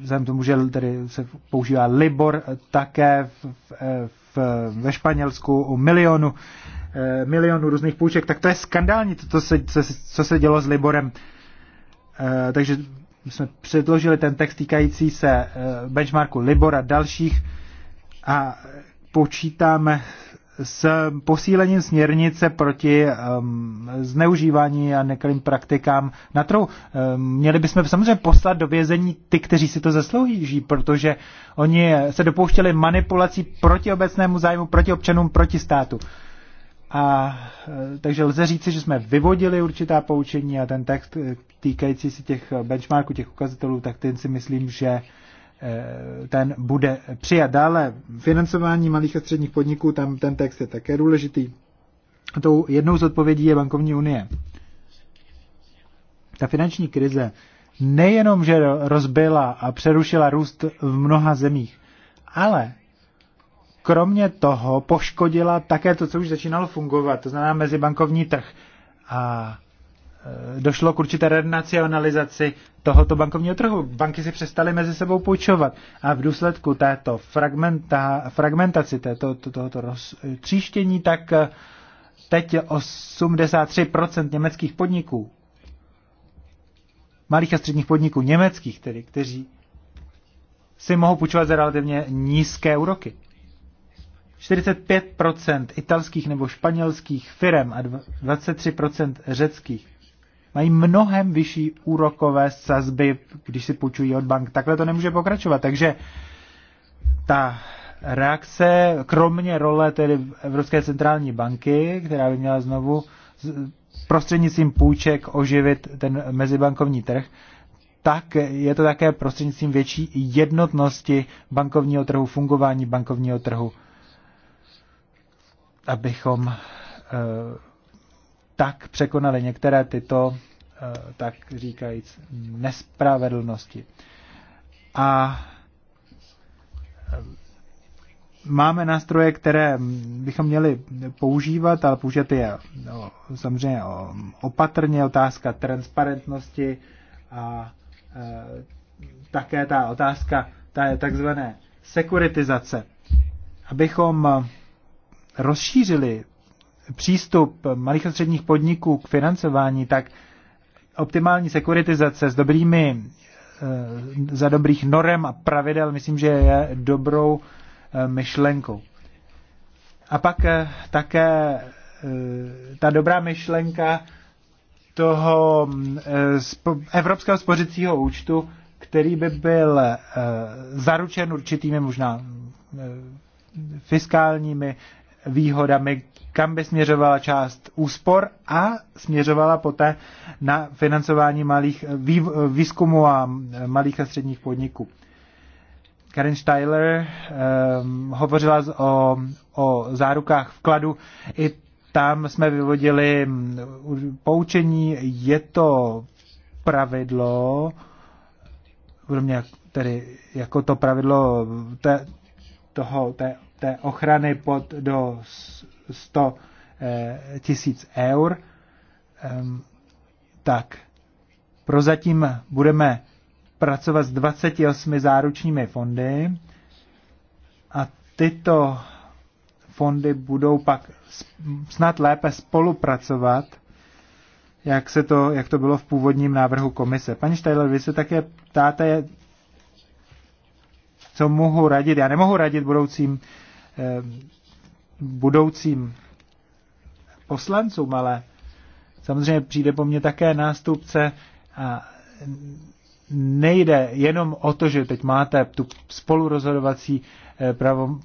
vzhledem tomu, že tady se používá Libor také v, v, eh, ve Španělsku u milionu, eh, milionu různých půjček, tak to je skandální, to, co, se, co, se dělo s Liborem. Takže my jsme předložili ten text týkající se eh, benchmarku Libor a dalších a počítáme s posílením směrnice proti um, zneužívání a nekalým praktikám na trhu. Um, měli bychom samozřejmě poslat do vězení ty, kteří si to zaslouží, protože oni se dopouštěli manipulací proti obecnému zájmu, proti občanům, proti státu. A e, takže lze říci, že jsme vyvodili určitá poučení a ten text e, týkající se těch benchmarků, těch ukazatelů, tak ten si myslím, že e, ten bude přijat. Dále financování malých a středních podniků, tam ten text je také důležitý. Tou jednou z odpovědí je bankovní unie. Ta finanční krize nejenom, že rozbila a přerušila růst v mnoha zemích, ale kromě toho poškodila také to, co už začínalo fungovat, to znamená mezibankovní trh. A e, došlo k určité renacionalizaci tohoto bankovního trhu. Banky si přestaly mezi sebou půjčovat a v důsledku této fragmenta, fragmentaci, této, to, tohoto roztříštění, tak e, teď 83% německých podniků, malých a středních podniků německých, tedy, kteří si mohou půjčovat za relativně nízké úroky. 45% italských nebo španělských firm a 23% řeckých mají mnohem vyšší úrokové sazby, když si půjčují od bank. Takhle to nemůže pokračovat. Takže ta reakce, kromě role tedy Evropské centrální banky, která by měla znovu prostřednictvím půjček oživit ten mezibankovní trh, tak je to také prostřednictvím větší jednotnosti bankovního trhu, fungování bankovního trhu abychom eh, tak překonali některé tyto, eh, tak říkajíc, nespravedlnosti. A eh, máme nástroje, které bychom měli používat, ale použít je no, samozřejmě opatrně, otázka transparentnosti a e, také ta otázka ta je takzvané sekuritizace. Abychom rozšířili přístup malých a středních podniků k financování, tak optimální sekuritizace s dobrými, eh, za dobrých norem a pravidel, myslím, že je dobrou eh, myšlenkou. A pak eh, také ta dobrá myšlenka toho evropského spořicího účtu, který by byl zaručen určitými možná fiskálními výhodami, kam by směřovala část úspor a směřovala poté na financování malých výzkumů a malých a středních podniků. Karen Steiler um, hovořila o, o zárukách vkladu. I tam jsme vyvodili mm, poučení, je to pravidlo, podobně tedy jako to pravidlo te, toho, té té ochrany pod do 100 eh, tisíc eur, tak prozatím budeme pracovat s 28 záručními fondy a tyto fondy budou pak snad lépe spolupracovat, jak, se to, jak to bylo v původním návrhu komise. Paní Štajler, vy se také ptáte, co mohu radit. Já nemohu radit budoucím Eh, budoucím poslancům, ale samozřejmě přijde po mně také nástupce a nejde jenom o to, že teď máte tu spolurozhodovací eh, pravo,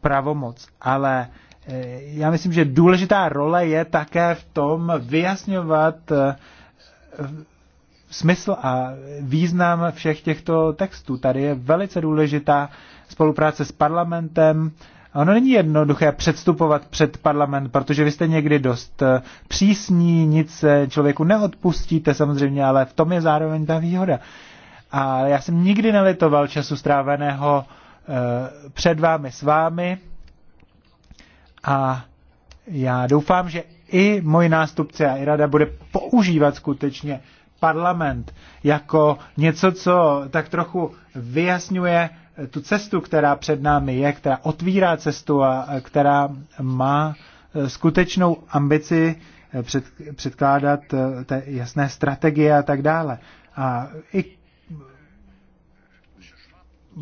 pravomoc, ale eh, já myslím, že důležitá role je také v tom vyjasňovat smysl a význam všech těchto textů. Tady je velice důležitá spolupráce s parlamentem. Ono není jednoduché předstupovat před parlament, protože vy jste někdy dost eh, přísní, nic eh, člověku neodpustíte samozřejmě, ale v tom je zároveň ta výhoda. A já jsem nikdy nelitoval času stráveného eh, před vámi s vámi a já doufám, že i můj nástupce a i rada bude používat skutečně parlament jako něco, co tak trochu vyjasňuje tu cestu, která před námi je, která otvírá cestu a která má e, skutečnou ambici e, před, předkládat e, té jasné strategie a tak dále. A i,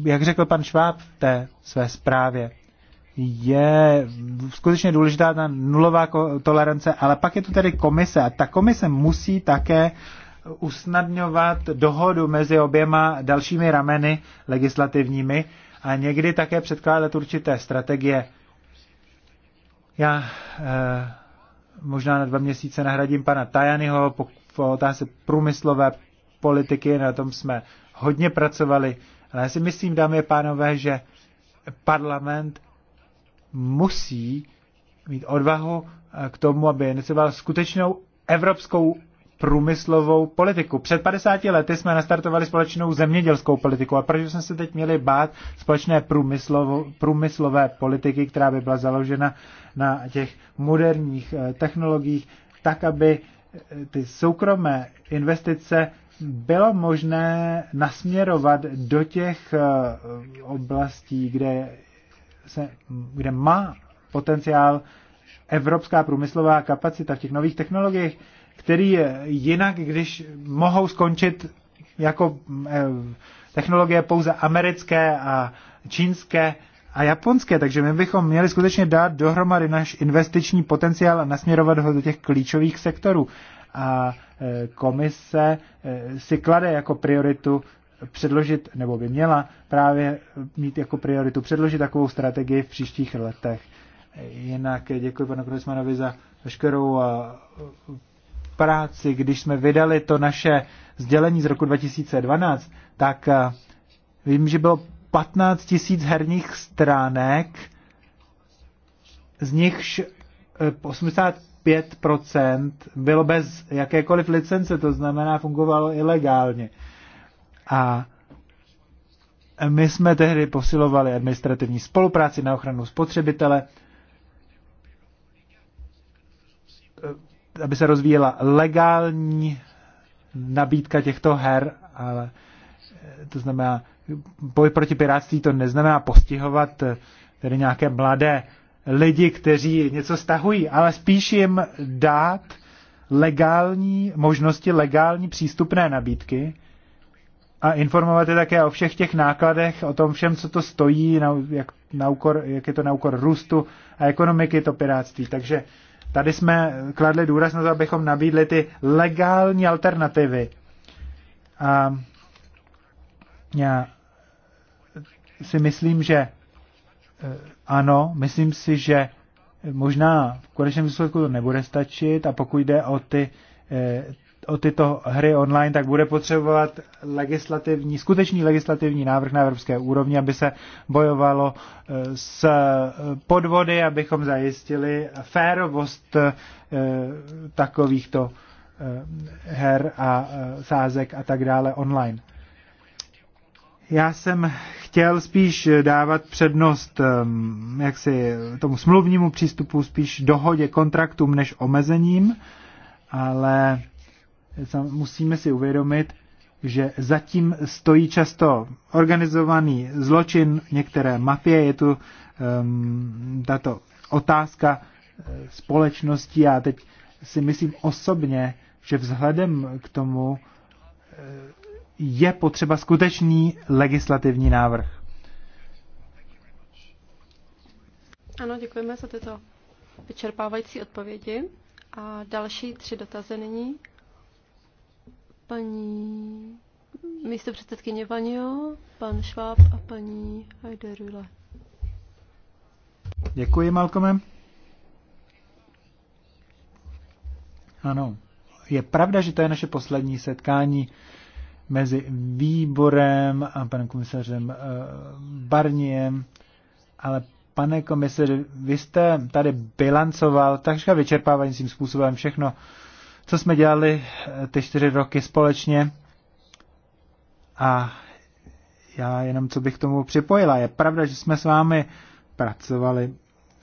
jak řekl pan Šváb v té své zprávě, je skutečně důležitá ta nulová tolerance, ale pak je tu tedy komise a ta komise musí také usnadňovat dohodu mezi oběma dalšími rameny legislativními a někdy také předkládat určité strategie. Já eh, možná na dva měsíce nahradím pana Tajanyho po otázce průmyslové politiky, na tom jsme hodně pracovali, ale já si myslím, dámy a pánové, že parlament musí mít odvahu eh, k tomu, aby inicioval skutečnou evropskou průmyslovou politiku. Před 50 lety jsme nastartovali společnou zemědělskou politiku a proč jsme se teď měli bát společné průmyslové politiky, která by byla založena na těch moderních eh, technologiích, tak, aby eh, ty soukromé investice bylo možné nasměrovat do těch eh, oblastí, kde, se, kde má potenciál evropská průmyslová kapacita v těch nových technologiích který je jinak, když mohou skončit jako eh, technologie pouze americké a čínské a japonské, takže my bychom měli skutečně dát dohromady náš investiční potenciál a nasměrovat ho do těch klíčových sektorů. A eh, komise eh, si klade jako prioritu předložit, nebo by měla právě mít jako prioritu předložit takovou strategii v příštích letech. Jinak děkuji panu Krosmanovi za veškerou práci, když jsme vydali to naše sdělení z roku 2012, tak eh, vím, že bylo 15 tisíc herních stránek, z nichž 85% eh, bylo bez jakékoliv licence, to znamená fungovalo ilegálně. A my jsme tehdy posilovali administrativní spolupráci na ochranu spotřebitele aby se rozvíjela legální nabídka těchto her, ale eh, to znamená, boj proti piráctví to neznamená postihovat eh, tedy nějaké mladé lidi, kteří něco stahují, ale spíš jim dát legální možnosti, legální přístupné nabídky a informovat je také o všech těch nákladech, o tom všem, co to stojí, na, jak, na úkor, jak je to na úkor růstu a ekonomiky to piráctví. Takže Tady jsme kladli důraz na to, abychom nabídli ty legální alternativy. A já si myslím, že eh, ano, myslím si, že možná v konečném výsledku to nebude stačit a pokud jde o ty eh, o tyto hry online, tak bude potřebovat legislativní, skutečný legislativní návrh na evropské úrovni, aby se bojovalo eh, s eh, podvody, abychom zajistili férovost eh, takovýchto her a sázek a tak dále online. Já jsem chtěl spíš dávat přednost ehm, jaksi tomu smluvnímu přístupu, spíš dohodě kontraktům než omezením, ale musíme si uvědomit, že zatím stojí často organizovaný zločin, některé mafie, je tu um, tato otázka eh, společnosti a teď si myslím osobně, že vzhledem k tomu eh, je potřeba skutečný legislativní návrh. Ano, děkujeme za tyto vyčerpávající odpovědi. A další tři dotazy nyní Paní místo předsedkyně Vanio, pan Šváb a paní Hajderule. Děkuji, malkomem? Ano, je pravda, že to je naše poslední setkání mezi výborem a panem komisařem eh, Barniem, ale pane komisaři, vy jste tady bilancoval takřka vyčerpávajícím způsobem všechno, co jsme dělali eh, ty čtyři roky společně. A já jenom co bych tomu připojila. Je pravda, že jsme s vámi pracovali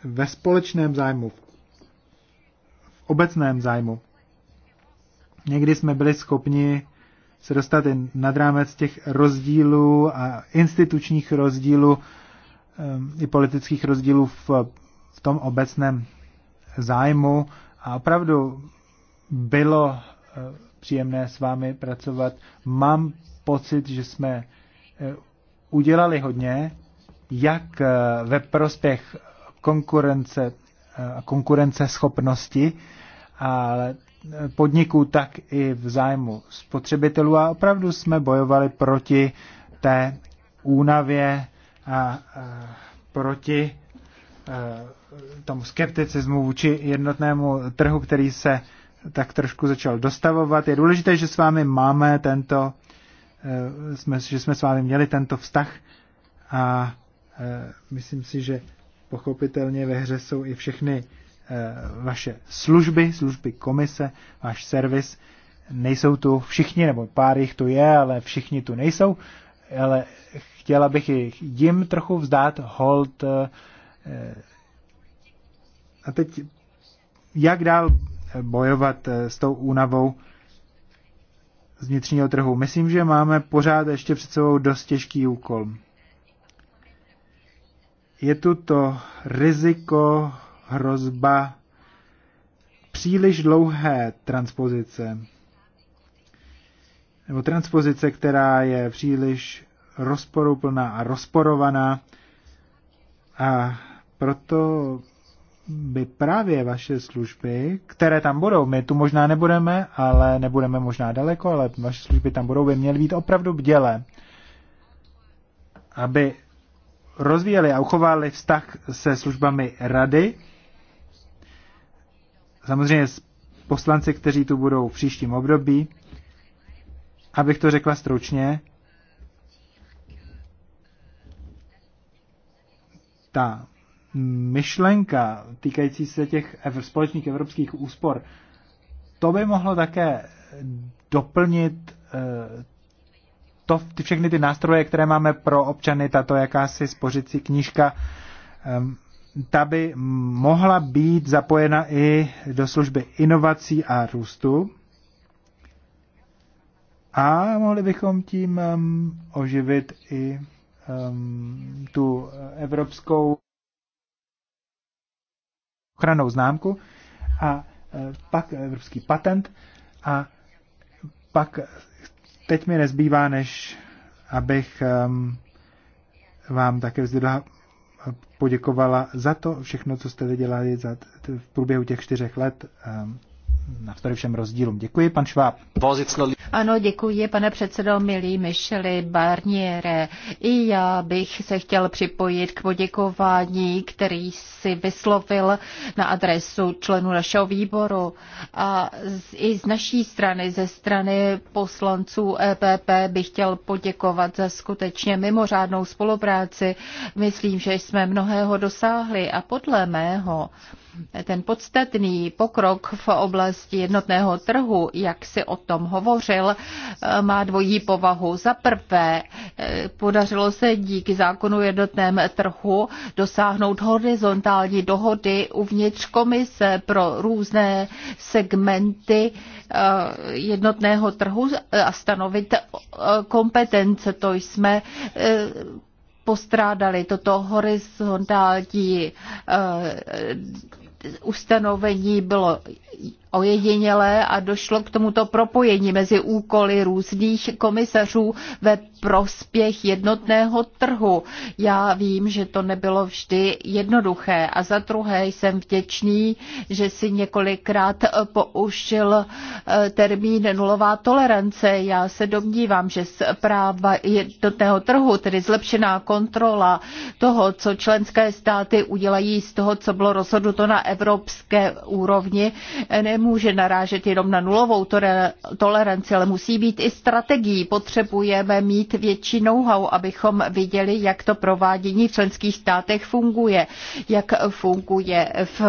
ve společném zájmu, v obecném zájmu. Někdy jsme byli schopni se dostat i nad rámec těch rozdílů a institučních rozdílů eh, i politických rozdílů v, v tom obecném zájmu. A opravdu bylo eh, příjemné s vámi pracovat. Mám pocit, že jsme eh, udělali hodně, jak eh, ve prospěch konkurence a konkurenceschopnosti, podniků, tak i v zájmu spotřebitelů a opravdu jsme bojovali proti té únavě a, proti tomu skepticismu vůči jednotnému trhu, který se tak trošku začal dostavovat. Je důležité, že s vámi máme tento, eh, jsme, že jsme s vámi měli tento vztah a eh, myslím si, že pochopitelně ve hře jsou i všechny eh, vaše služby, služby komise, váš servis. Nejsou tu všichni, nebo pár jich tu je, ale všichni tu nejsou. Ale chtěla bych jim trochu vzdát hold. A teď, jak dál bojovat eh, s tou únavou z vnitřního trhu. Myslím, že máme pořád ještě před sebou dost těžký úkol. Je tu to riziko, hrozba příliš dlouhé transpozice. Nebo transpozice, která je příliš rozporuplná a rozporovaná. A proto by právě vaše služby, které tam budou, my tu možná nebudeme, ale nebudeme možná daleko, ale vaše služby tam budou, by měly být opravdu bděle, aby rozvíjeli a uchovali vztah se službami rady, samozřejmě s poslanci, kteří tu budou v příštím období, abych to řekla stručně, ta myšlenka týkající se těch společných evropských úspor, to by mohlo také doplnit eh, to, ty, všechny ty nástroje, které máme pro občany, tato jakási spořicí knížka, ehm, ta by mohla být zapojena i do služby inovací a růstu. A mohli bychom tím ehm, oživit i ehm, tu evropskou ochranou známku a e, pak evropský patent a pak teď mi nezbývá, než abych vám také vzdala e, poděkovala za to všechno, co jste vydělali za, v průběhu těch čtyřech let navzdory všem rozdílům. Děkuji, pan Šváb. Ano, děkuji, pane předsedo, milý Micheli Barniere. I já bych se chtěl připojit k poděkování, který si vyslovil na adresu členů našeho výboru. A z, i z naší strany, ze strany poslanců EPP, bych chtěl poděkovat za skutečně mimořádnou spolupráci. Myslím, že jsme mnohého dosáhli a podle mého ten podstatný pokrok v oblasti jednotného trhu, jak si o tom hovořil, eh, má dvojí povahu. Za prvé, eh, podařilo se díky zákonu jednotném trhu dosáhnout horizontální dohody uvnitř komise pro různé segmenty eh, jednotného trhu a stanovit kompetence. To jsme postrádali toto horizontální ustanovení bylo ojedinělé a došlo k tomuto propojení mezi úkoly různých komisařů ve prospěch jednotného trhu. Já vím, že to nebylo vždy jednoduché a za druhé jsem vděčný, že si několikrát použil eh, termín nulová tolerance. Já se domnívám, že zpráva jednotného trhu, tedy zlepšená kontrola toho, co členské státy udělají z toho, co bylo rozhodnuto na evropské úrovni, ne eh, nemůže narážet jenom na nulovou toleranci, ale musí být i strategií. Potřebujeme mít větší know-how, abychom viděli, jak to provádění v členských státech funguje, jak funguje v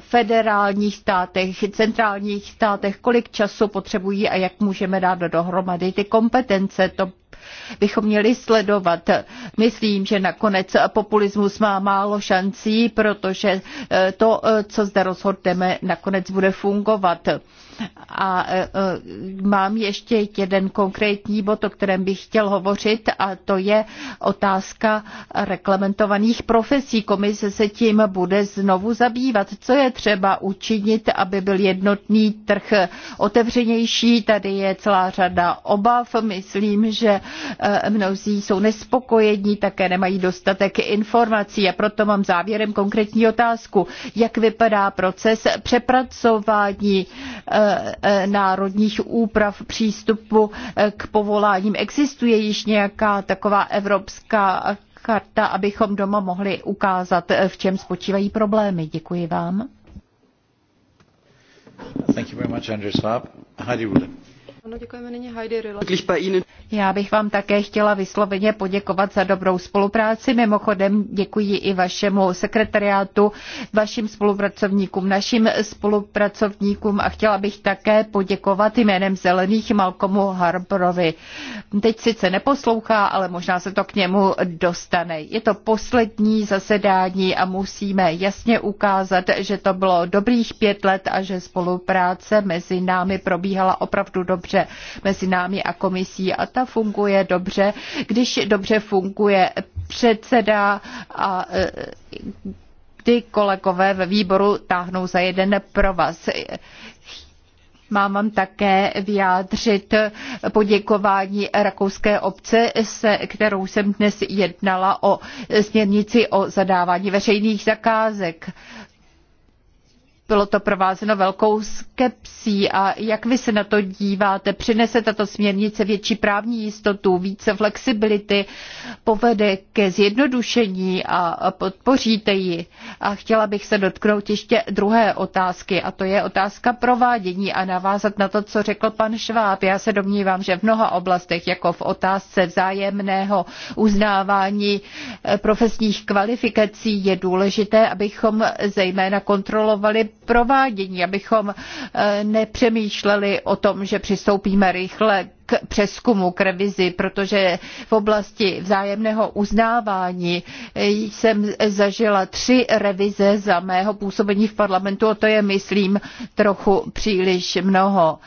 federálních státech, centrálních státech, kolik času potřebují a jak můžeme dát dohromady ty kompetence. To bychom měli sledovat. Myslím, že nakonec populismus má málo šancí, protože eh, to, eh, co zde rozhodneme, nakonec bude fungovat. A e, e, mám ještě jeden konkrétní bod, o kterém bych chtěl hovořit, a to je otázka reglementovaných profesí. Komise se tím bude znovu zabývat. Co je třeba učinit, aby byl jednotný trh otevřenější? Tady je celá řada obav. Myslím, že e, mnozí jsou nespokojení, také nemají dostatek informací a proto mám závěrem konkrétní otázku. Jak vypadá proces přepracování Eh, národních úprav přístupu eh, k povoláním. Existuje již nějaká taková evropská karta, abychom doma mohli ukázat, eh, v čem spočívají problémy. Děkuji vám. Thank you very much, Andrew Swab. Heidi Ruhle. Ano, děkujeme nyní Heidi Já bych vám také chtěla vysloveně poděkovat za dobrou spolupráci. Mimochodem děkuji i vašemu sekretariátu, vašim spolupracovníkům, našim spolupracovníkům a chtěla bych také poděkovat jménem Zelených Malcolmu Harborovi. Teď sice neposlouchá, ale možná se to k němu dostane. Je to poslední zasedání a musíme jasně ukázat, že to bylo dobrých pět let a že spolupráce mezi námi probíhala opravdu dobře dobře mezi námi a komisí a ta funguje dobře, když dobře funguje předseda a kdy e, kolegové ve výboru táhnou za jeden pro vás. Mám také vyjádřit poděkování rakouské obce, se kterou jsem dnes jednala o směrnici o zadávání veřejných zakázek bylo to provázeno velkou skepsí. A jak vy se na to díváte? Přinese tato směrnice větší právní jistotu, více flexibility, povede ke zjednodušení a podpoříte ji? A chtěla bych se dotknout ještě druhé otázky, a to je otázka provádění a navázat na to, co řekl pan Šváb. Já se domnívám, že v mnoha oblastech, jako v otázce vzájemného uznávání eh, profesních kvalifikací, je důležité, abychom zejména kontrolovali provádění, abychom eh, nepřemýšleli o tom, že přistoupíme rychle k přeskumu, k revizi, protože v oblasti vzájemného uznávání jsem zažila tři revize za mého působení v parlamentu a to je, myslím, trochu příliš mnoho.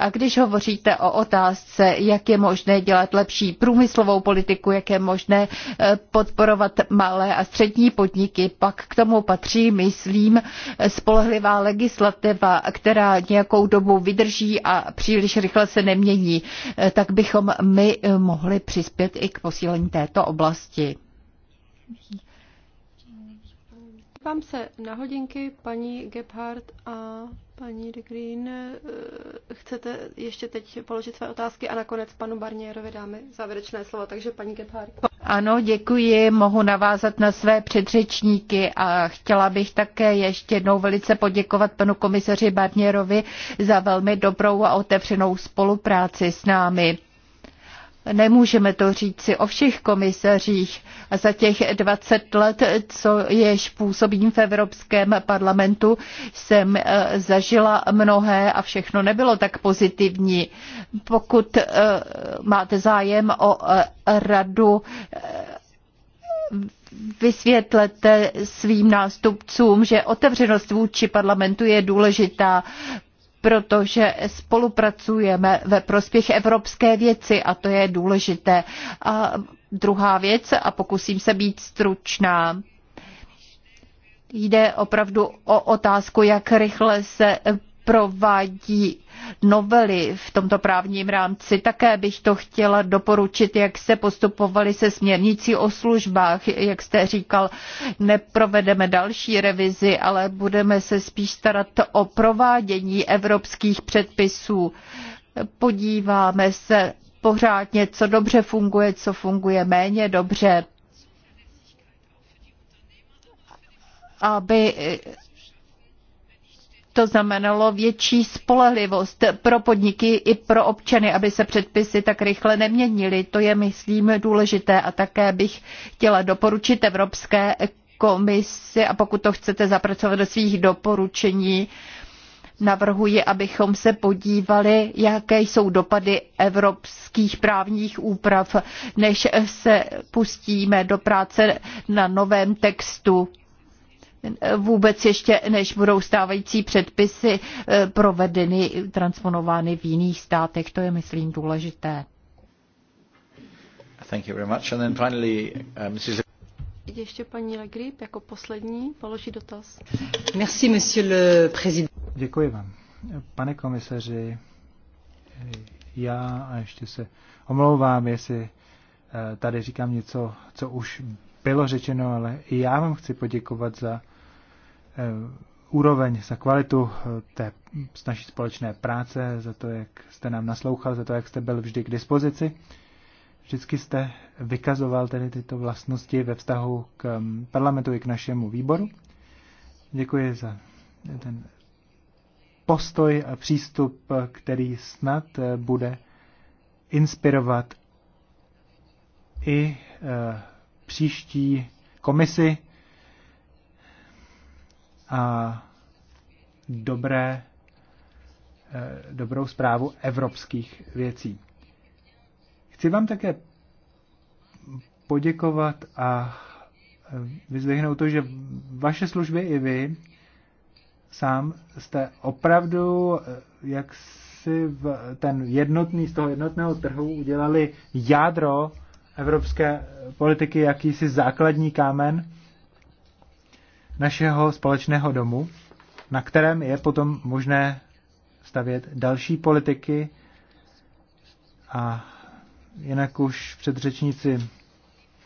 A když hovoříte o otázce, jak je možné dělat lepší průmyslovou politiku, jak je možné eh, podporovat malé a střední podniky, pak k tomu patří, myslím, spolehlivá legislativa, která nějakou dobu vydrží a příliš rychle se nemění. Eh, tak bychom my eh, mohli přispět i k posílení této oblasti. Vám se na hodinky paní Gebhardt a Paní de Green, eh, chcete ještě teď položit své otázky a nakonec panu Barnierovi dáme závěrečné slovo, takže paní Gebhardt. Ano, děkuji, mohu navázat na své předřečníky a chtěla bych také ještě jednou velice poděkovat panu komisaři Barnierovi za velmi dobrou a otevřenou spolupráci s námi Nemůžeme to říci o všech komisařích. za těch 20 let, co jež působím v Evropském parlamentu, jsem eh, zažila mnohé a všechno nebylo tak pozitivní. Pokud eh, máte zájem o eh, radu, vysvětlete svým nástupcům, že otevřenost vůči parlamentu je důležitá protože spolupracujeme ve prospěch evropské věci a to je důležité. A druhá věc, a pokusím se být stručná, jde opravdu o otázku, jak rychle se provádí novely v tomto právním rámci. Také bych to chtěla doporučit, jak se postupovali se směrnicí o službách. Jak jste říkal, neprovedeme další revizi, ale budeme se spíš starat o provádění evropských předpisů. Podíváme se pořádně, co dobře funguje, co funguje méně dobře, aby to znamenalo větší spolehlivost pro podniky i pro občany, aby se předpisy tak rychle neměnily. To je, myslím, důležité a také bych chtěla doporučit Evropské komisi a pokud to chcete zapracovat do svých doporučení, navrhuji, abychom se podívali, jaké jsou dopady evropských právních úprav, než se pustíme do práce na novém textu vůbec ještě než budou stávající předpisy eh, provedeny, transponovány v jiných státech. To je, myslím, důležité. Thank you very much. And then finally, um, Mrs. Ještě paní Legrip jako poslední položí dotaz. Merci, monsieur le président. Děkuji vám. Pane komisaři, já a ještě se omlouvám, jestli eh, tady říkám něco, co už bylo řečeno, ale i já vám chci poděkovat za Eh, úroveň, za kvalitu eh, té naší společné práce, za to, jak jste nám naslouchal, za to, jak jste byl vždy k dispozici. Vždycky jste vykazoval tedy tyto vlastnosti ve vztahu k mm, parlamentu i k našemu výboru. Děkuji za ten postoj a přístup, který snad eh, bude inspirovat i příští komisi a dobré, eh, dobrou zprávu evropských věcí. Chci vám také poděkovat a eh, vyzvihnout to, že vaše služby i vy sám jste opravdu, eh, jak si v ten jednotný, z toho jednotného trhu udělali jádro evropské politiky, jakýsi základní kámen našeho společného domu, na kterém je potom možné stavět další politiky a jinak už předřečníci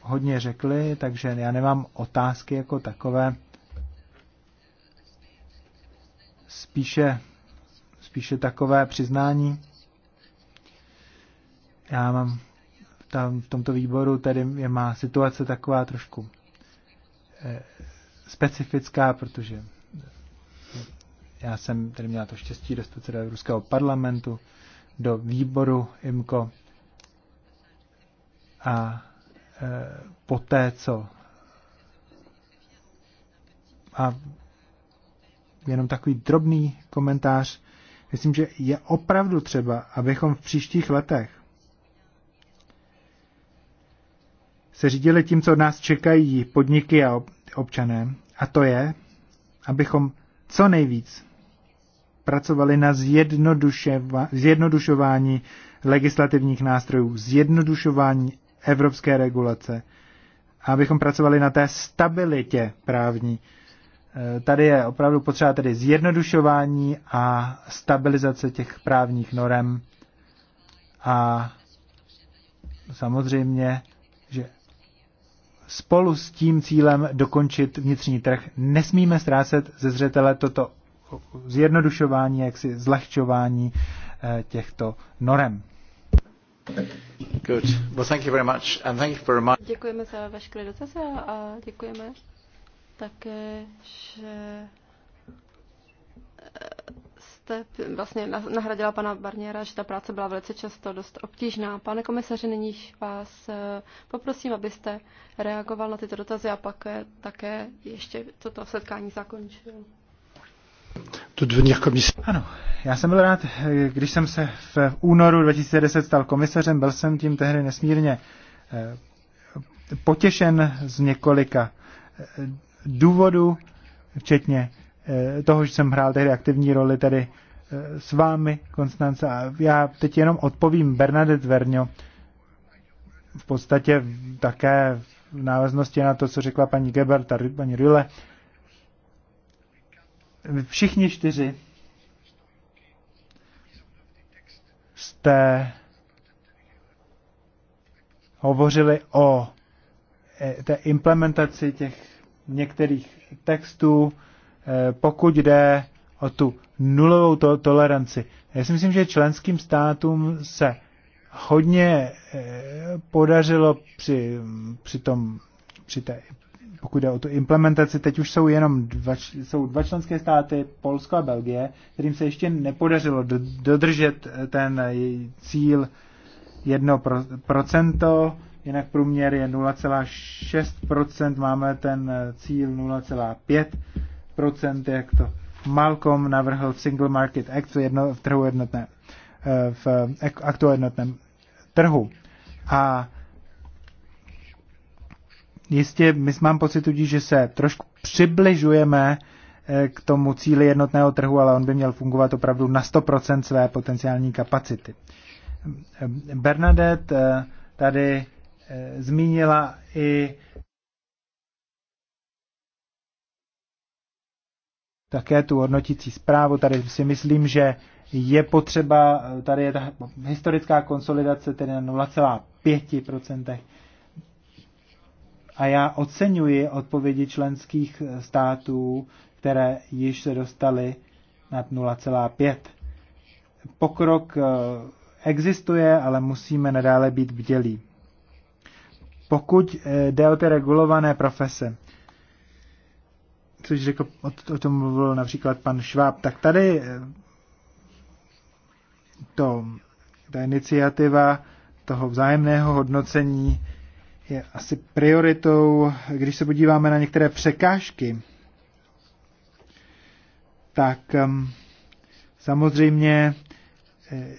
hodně řekli, takže já nemám otázky jako takové. Spíše, spíše takové přiznání. Já mám tam v tomto výboru, tedy je má situace taková trošku eh, specifická, protože já jsem tedy měla to štěstí dostat se do Ruského parlamentu, do výboru IMCO a e, poté, co a jenom takový drobný komentář, myslím, že je opravdu třeba, abychom v příštích letech se řídili tím, co od nás čekají podniky a občané, a to je, abychom co nejvíc pracovali na zjednodušování legislativních nástrojů, zjednodušování evropské regulace, a abychom pracovali na té stabilitě právní. E, tady je opravdu potřeba tedy zjednodušování a stabilizace těch právních norem a samozřejmě spolu s tím cílem dokončit vnitřní trh nesmíme ztrácet ze zřetele toto zjednodušování, jaksi zlehčování eh, těchto norem. Good. Well, thank you very much and thank you Děkujeme za veškeré dotazy a děkujeme také, že jste vlastně nahradila pana Barniera, že ta práce byla velice často dost obtížná. Pane komisaři, nyní vás eh, poprosím, abyste reagoval na tyto dotazy a pak eh, také ještě toto setkání zakončil. Ano, já jsem byl rád, eh, když jsem se v únoru 2010 stal komisařem, byl jsem tím tehdy nesmírně potěšen z několika důvodů, včetně Eh, toho, že jsem hrál tehdy aktivní roli tady eh, s vámi, Konstance. A já teď jenom odpovím Bernadette Verňo. V podstatě také v návaznosti na to, co řekla paní Gebert a paní Rille. Všichni čtyři jste hovořili o eh, té implementaci těch některých textů, Eh, pokud jde o tu nulovou to- toleranci. Já si myslím, že členským státům se hodně eh, podařilo při, při tom, při té, pokud jde o tu implementaci, teď už jsou jenom dva, jsou dva členské státy, Polsko a Belgie, kterým se ještě nepodařilo do, dodržet eh, ten cíl 1%, jinak průměr je 0,6%, máme ten cíl 0,5% jak to Malcolm navrhl v Single Market Act v, jedno, v trhu jednotné, eh, v eh, aktu jednotném trhu. A jistě, my mám pocit tudíž, že se trošku přibližujeme eh, k tomu cíli jednotného trhu, ale on by měl fungovat opravdu na 100% své potenciální kapacity. Ehm, ehm, Bernadette tady zmínila i také tu hodnotící zprávu. Tady si myslím, že je potřeba, tady je ta historická konsolidace tedy na 0,5%. A já oceňuji odpovědi členských států, které již se dostaly nad 0,5. Pokrok eh, existuje, ale musíme nadále být bdělí. Pokud eh, jde o ty regulované profese, což řekl, o, o tom mluvil například pan Šváb, tak tady eh, to, ta iniciativa toho vzájemného hodnocení je asi prioritou, když se podíváme na některé překážky, tak ehm, samozřejmě eh,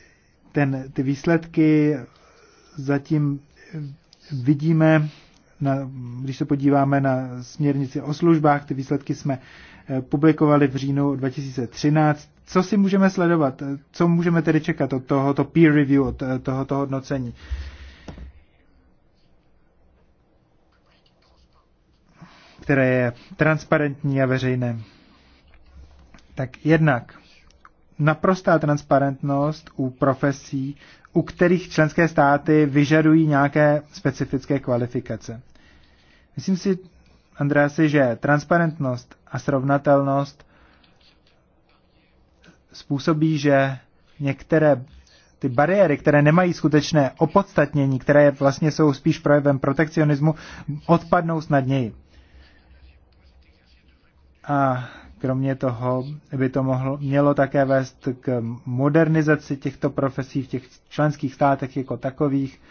ten, ty výsledky zatím eh, vidíme na, když se podíváme na směrnici o službách, ty výsledky jsme eh, publikovali v říjnu 2013. Co si můžeme sledovat? Co můžeme tedy čekat od tohoto peer review, od eh, tohoto hodnocení? které je transparentní a veřejné. Tak jednak naprostá transparentnost u profesí, u kterých členské státy vyžadují nějaké specifické kvalifikace. Myslím si, Andreasi, že transparentnost a srovnatelnost způsobí, že některé ty bariéry, které nemají skutečné opodstatnění, které vlastně jsou spíš projevem protekcionismu, odpadnou snadněji. A kromě toho by to mohlo, mělo také vést k modernizaci těchto profesí v těch členských státech jako takových.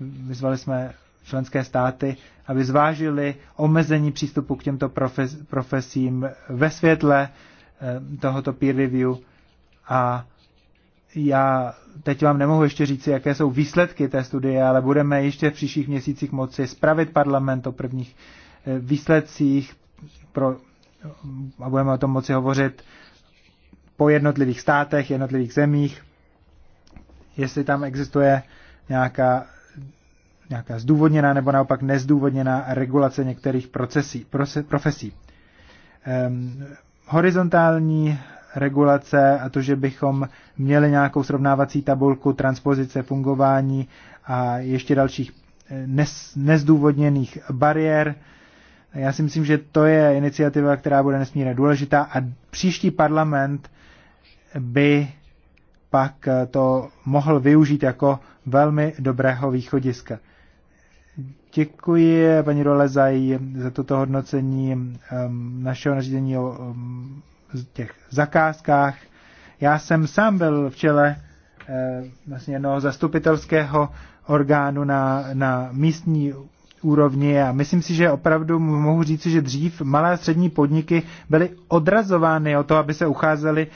Vyzvali jsme členské státy, aby zvážili omezení přístupu k těmto profes, profesím ve světle eh, tohoto peer review a já teď vám nemohu ještě říct, jaké jsou výsledky té studie, ale budeme ještě v příštích měsících moci spravit parlament o prvních eh, výsledcích pro, a budeme o tom moci hovořit po jednotlivých státech, jednotlivých zemích, jestli tam existuje nějaká nějaká zdůvodněná nebo naopak nezdůvodněná regulace některých procesí, profesí. Um, horizontální regulace a to, že bychom měli nějakou srovnávací tabulku transpozice fungování a ještě dalších eh, nez, nezdůvodněných bariér. Já si myslím, že to je iniciativa, která bude nesmírně důležitá a příští parlament by pak to mohl využít jako velmi dobrého východiska. Děkuji paní Role za, jí, za toto hodnocení um, našeho nařízení o um, těch zakázkách. Já jsem sám byl v čele eh, vlastně jednoho zastupitelského orgánu na, na místní úrovni a myslím si, že opravdu mohu říct, že dřív malé a střední podniky byly odrazovány o to, aby se ucházely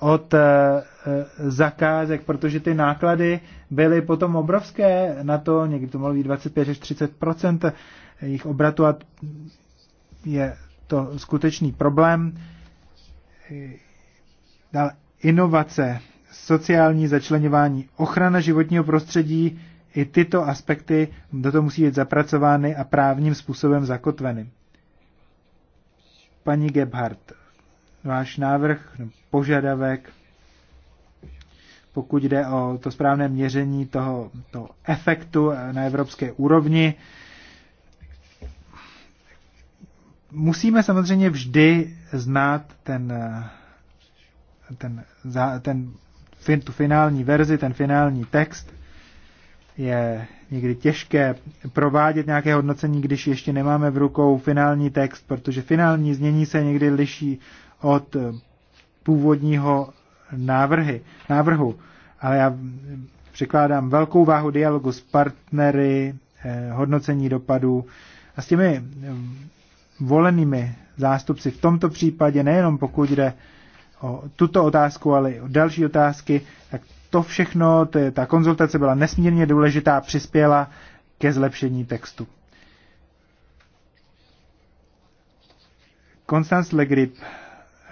od eh, eh, zakázek, protože ty náklady byly potom obrovské na to, někdy to mohlo být 25 až 30 jejich obratu a je to skutečný problém. Dále inovace, sociální začlenování, ochrana životního prostředí, i tyto aspekty do toho musí být zapracovány a právním způsobem zakotveny. Paní Gebhardt, váš návrh, požadavek, pokud jde o to správné měření toho, toho efektu na evropské úrovni. Musíme samozřejmě vždy znát ten, ten, ten, ten, tu finální verzi, ten finální text. Je někdy těžké provádět nějaké hodnocení, když ještě nemáme v rukou finální text, protože finální znění se někdy liší od původního návrhy, návrhu. Ale já překládám velkou váhu dialogu s partnery, eh, hodnocení dopadů a s těmi eh, volenými zástupci v tomto případě, nejenom pokud jde o tuto otázku, ale i o další otázky, tak to všechno, t- ta konzultace byla nesmírně důležitá, a přispěla ke zlepšení textu. Konstanz Legrip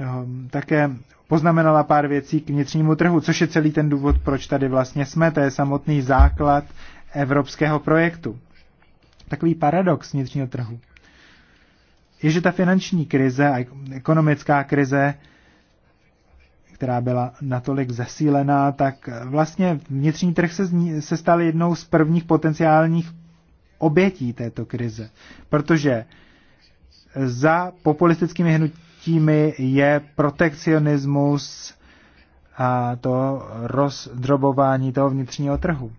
Ehm, také poznamenala pár věcí k vnitřnímu trhu, což je celý ten důvod, proč tady vlastně jsme. To je samotný základ evropského projektu. Takový paradox vnitřního trhu je, že ta finanční krize a ekonomická krize, která byla natolik zesílená, tak vlastně vnitřní trh se, se stal jednou z prvních potenciálních obětí této krize. Protože za populistickými hnutí tími je protekcionismus a to rozdrobování toho vnitřního trhu.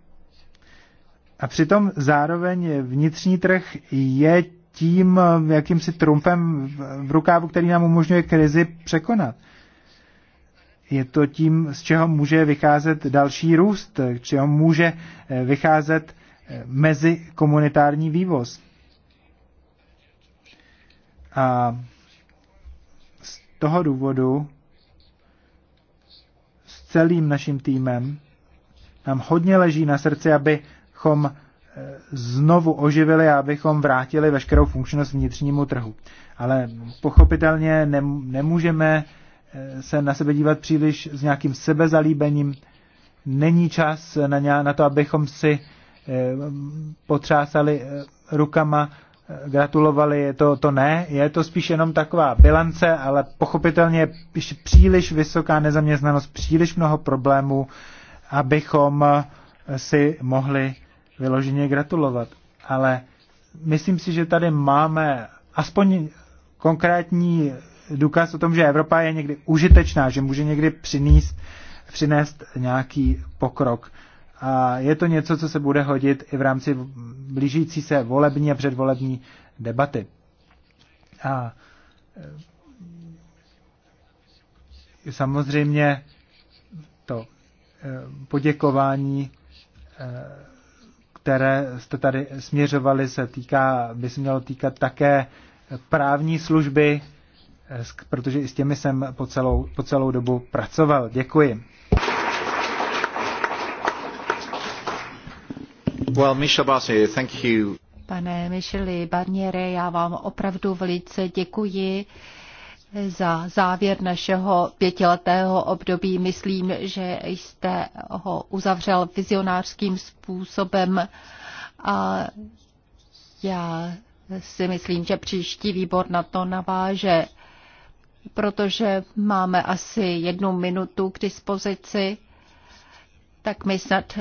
A přitom zároveň vnitřní trh je tím jakýmsi trumpem v rukávu, který nám umožňuje krizi překonat. Je to tím, z čeho může vycházet další růst, z čeho může eh, vycházet eh, mezi komunitární vývoz. A toho důvodu s celým naším týmem nám hodně leží na srdci, abychom eh, znovu oživili a abychom vrátili veškerou funkčnost vnitřnímu trhu. Ale pochopitelně nemůžeme eh, se na sebe dívat příliš s nějakým sebezalíbením. Není čas na, to, abychom si eh, potřásali rukama gratulovali, je to, to ne, je to spíš jenom taková bilance, ale pochopitelně je příliš vysoká nezaměstnanost, příliš mnoho problémů, abychom si mohli vyloženě gratulovat. Ale myslím si, že tady máme aspoň konkrétní důkaz o tom, že Evropa je někdy užitečná, že může někdy přinést, přinést nějaký pokrok. A je to něco, co se bude hodit i v rámci blížící se volební a předvolební debaty. A e, samozřejmě to e, poděkování, e, které jste tady směřovali, se týká, by se mělo týkat také právní služby, protože i s těmi jsem po celou, po celou dobu pracoval. Děkuji. Michel Barnier, Pane Micheli Barniere, já vám opravdu velice děkuji za závěr našeho pětiletého období. Myslím, že jste ho uzavřel vizionářským způsobem a já si myslím, že příští výbor na to naváže, protože máme asi jednu minutu k dispozici, tak my snad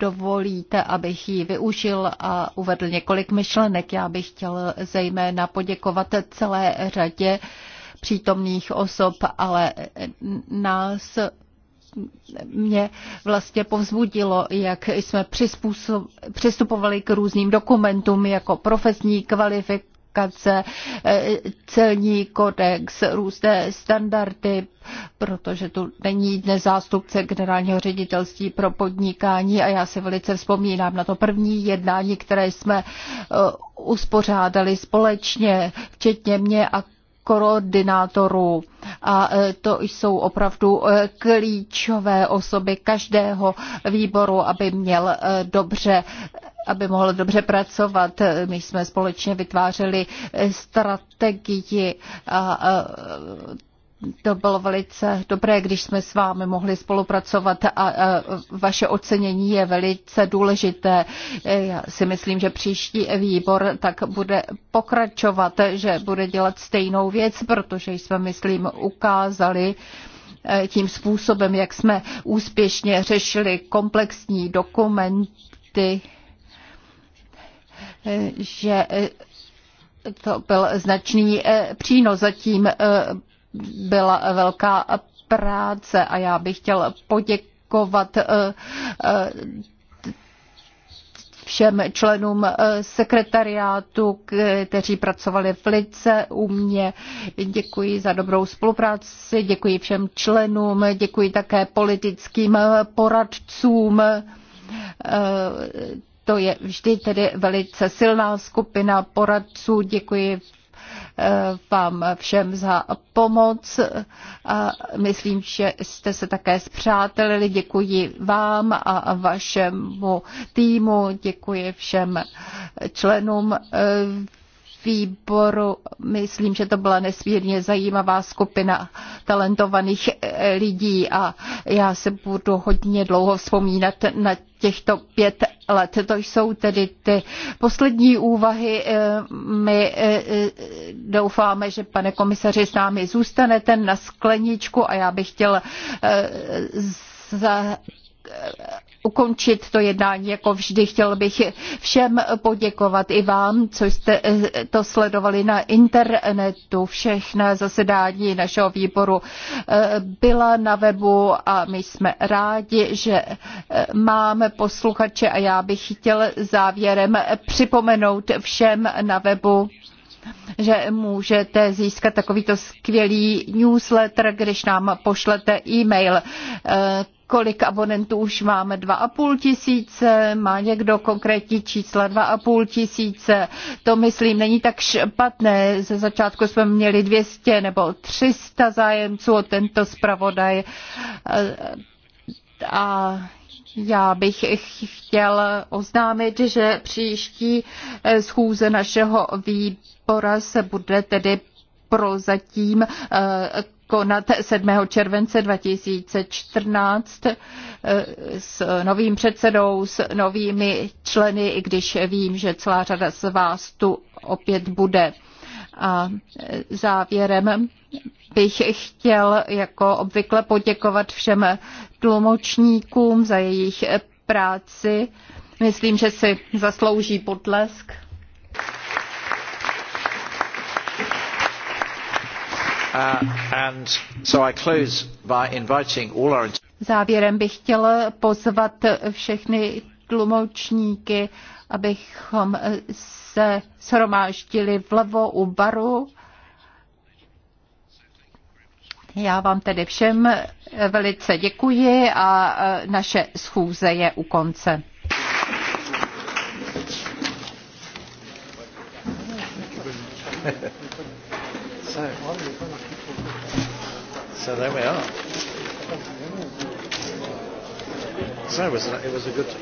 dovolíte, abych ji využil a uvedl několik myšlenek. Já bych chtěl zejména poděkovat celé řadě přítomných osob, ale nás mě vlastně povzbudilo, jak jsme přistupovali k různým dokumentům jako profesní kvalifikace relokace, eh, celní kodex, různé standardy, protože tu není dnes zástupce generálního ředitelství pro podnikání a já si velice vzpomínám na to první jednání, které jsme eh, uspořádali společně, včetně mě a koordinátorů. A e, to jsou opravdu e, klíčové osoby každého výboru, aby měl e, dobře aby mohl dobře pracovat. My jsme společně vytvářeli strategii a to bylo velice dobré, když jsme s vámi mohli spolupracovat a vaše ocenění je velice důležité. Já si myslím, že příští výbor tak bude pokračovat, že bude dělat stejnou věc, protože jsme, myslím, ukázali, eh, tím způsobem, jak jsme úspěšně řešili komplexní dokumenty, eh, že eh, to byl značný přínos. Zatím byla velká práce a já bych chtěl poděkovat eh, eh, všem členům eh, sekretariátu, kteří pracovali v Lice u mě. Děkuji za dobrou spolupráci, děkuji všem členům, děkuji také politickým poradcům. To je vždy tedy velice silná skupina poradců. Děkuji vám všem za pomoc. A myslím, že jste se také zpřátelili. Děkuji vám a vašemu týmu. Děkuji všem členům eh, výboru. Myslím, že to byla nesmírně zajímavá skupina talentovaných eh, lidí a já se budu hodně dlouho vzpomínat na těchto pět let. To jsou tedy ty poslední úvahy. Eh, My eh, doufáme, že pane komisaři s námi zůstanete na skleničku a já bych chtěl za ukončit to jednání, jako vždy. Chtěl bych všem poděkovat i vám, co jste eh, to sledovali na internetu. Všechna zasedání našeho výboru eh, byla na webu a my jsme rádi, že eh, máme posluchače a já bych chtěl závěrem připomenout všem na webu, že můžete získat takovýto skvělý newsletter, když nám pošlete e-mail kolik abonentů už máme, Dva a půl tisíce, má někdo konkrétní čísla, půl tisíce, to myslím není tak špatné, ze začátku jsme měli 200 nebo 300 zájemců o tento zpravodaj a já bych chtěl oznámit, že příští schůze našeho výbora se bude tedy prozatím eh, konat 7. července 2014 eh, s novým předsedou, s novými členy, i když vím, že celá řada z vás tu opět bude. A eh, závěrem bych chtěl jako obvykle poděkovat všem tlumočníkům za jejich eh, práci. Myslím, že si zaslouží potlesk. Uh, Závěrem bych chtěl pozvat všechny tlumočníky, abychom se shromáždili vlevo u baru. Já vám tedy všem velice děkuji a naše schůze je u konce. [LAUGHS] so. So there we are. So it was, it was a good.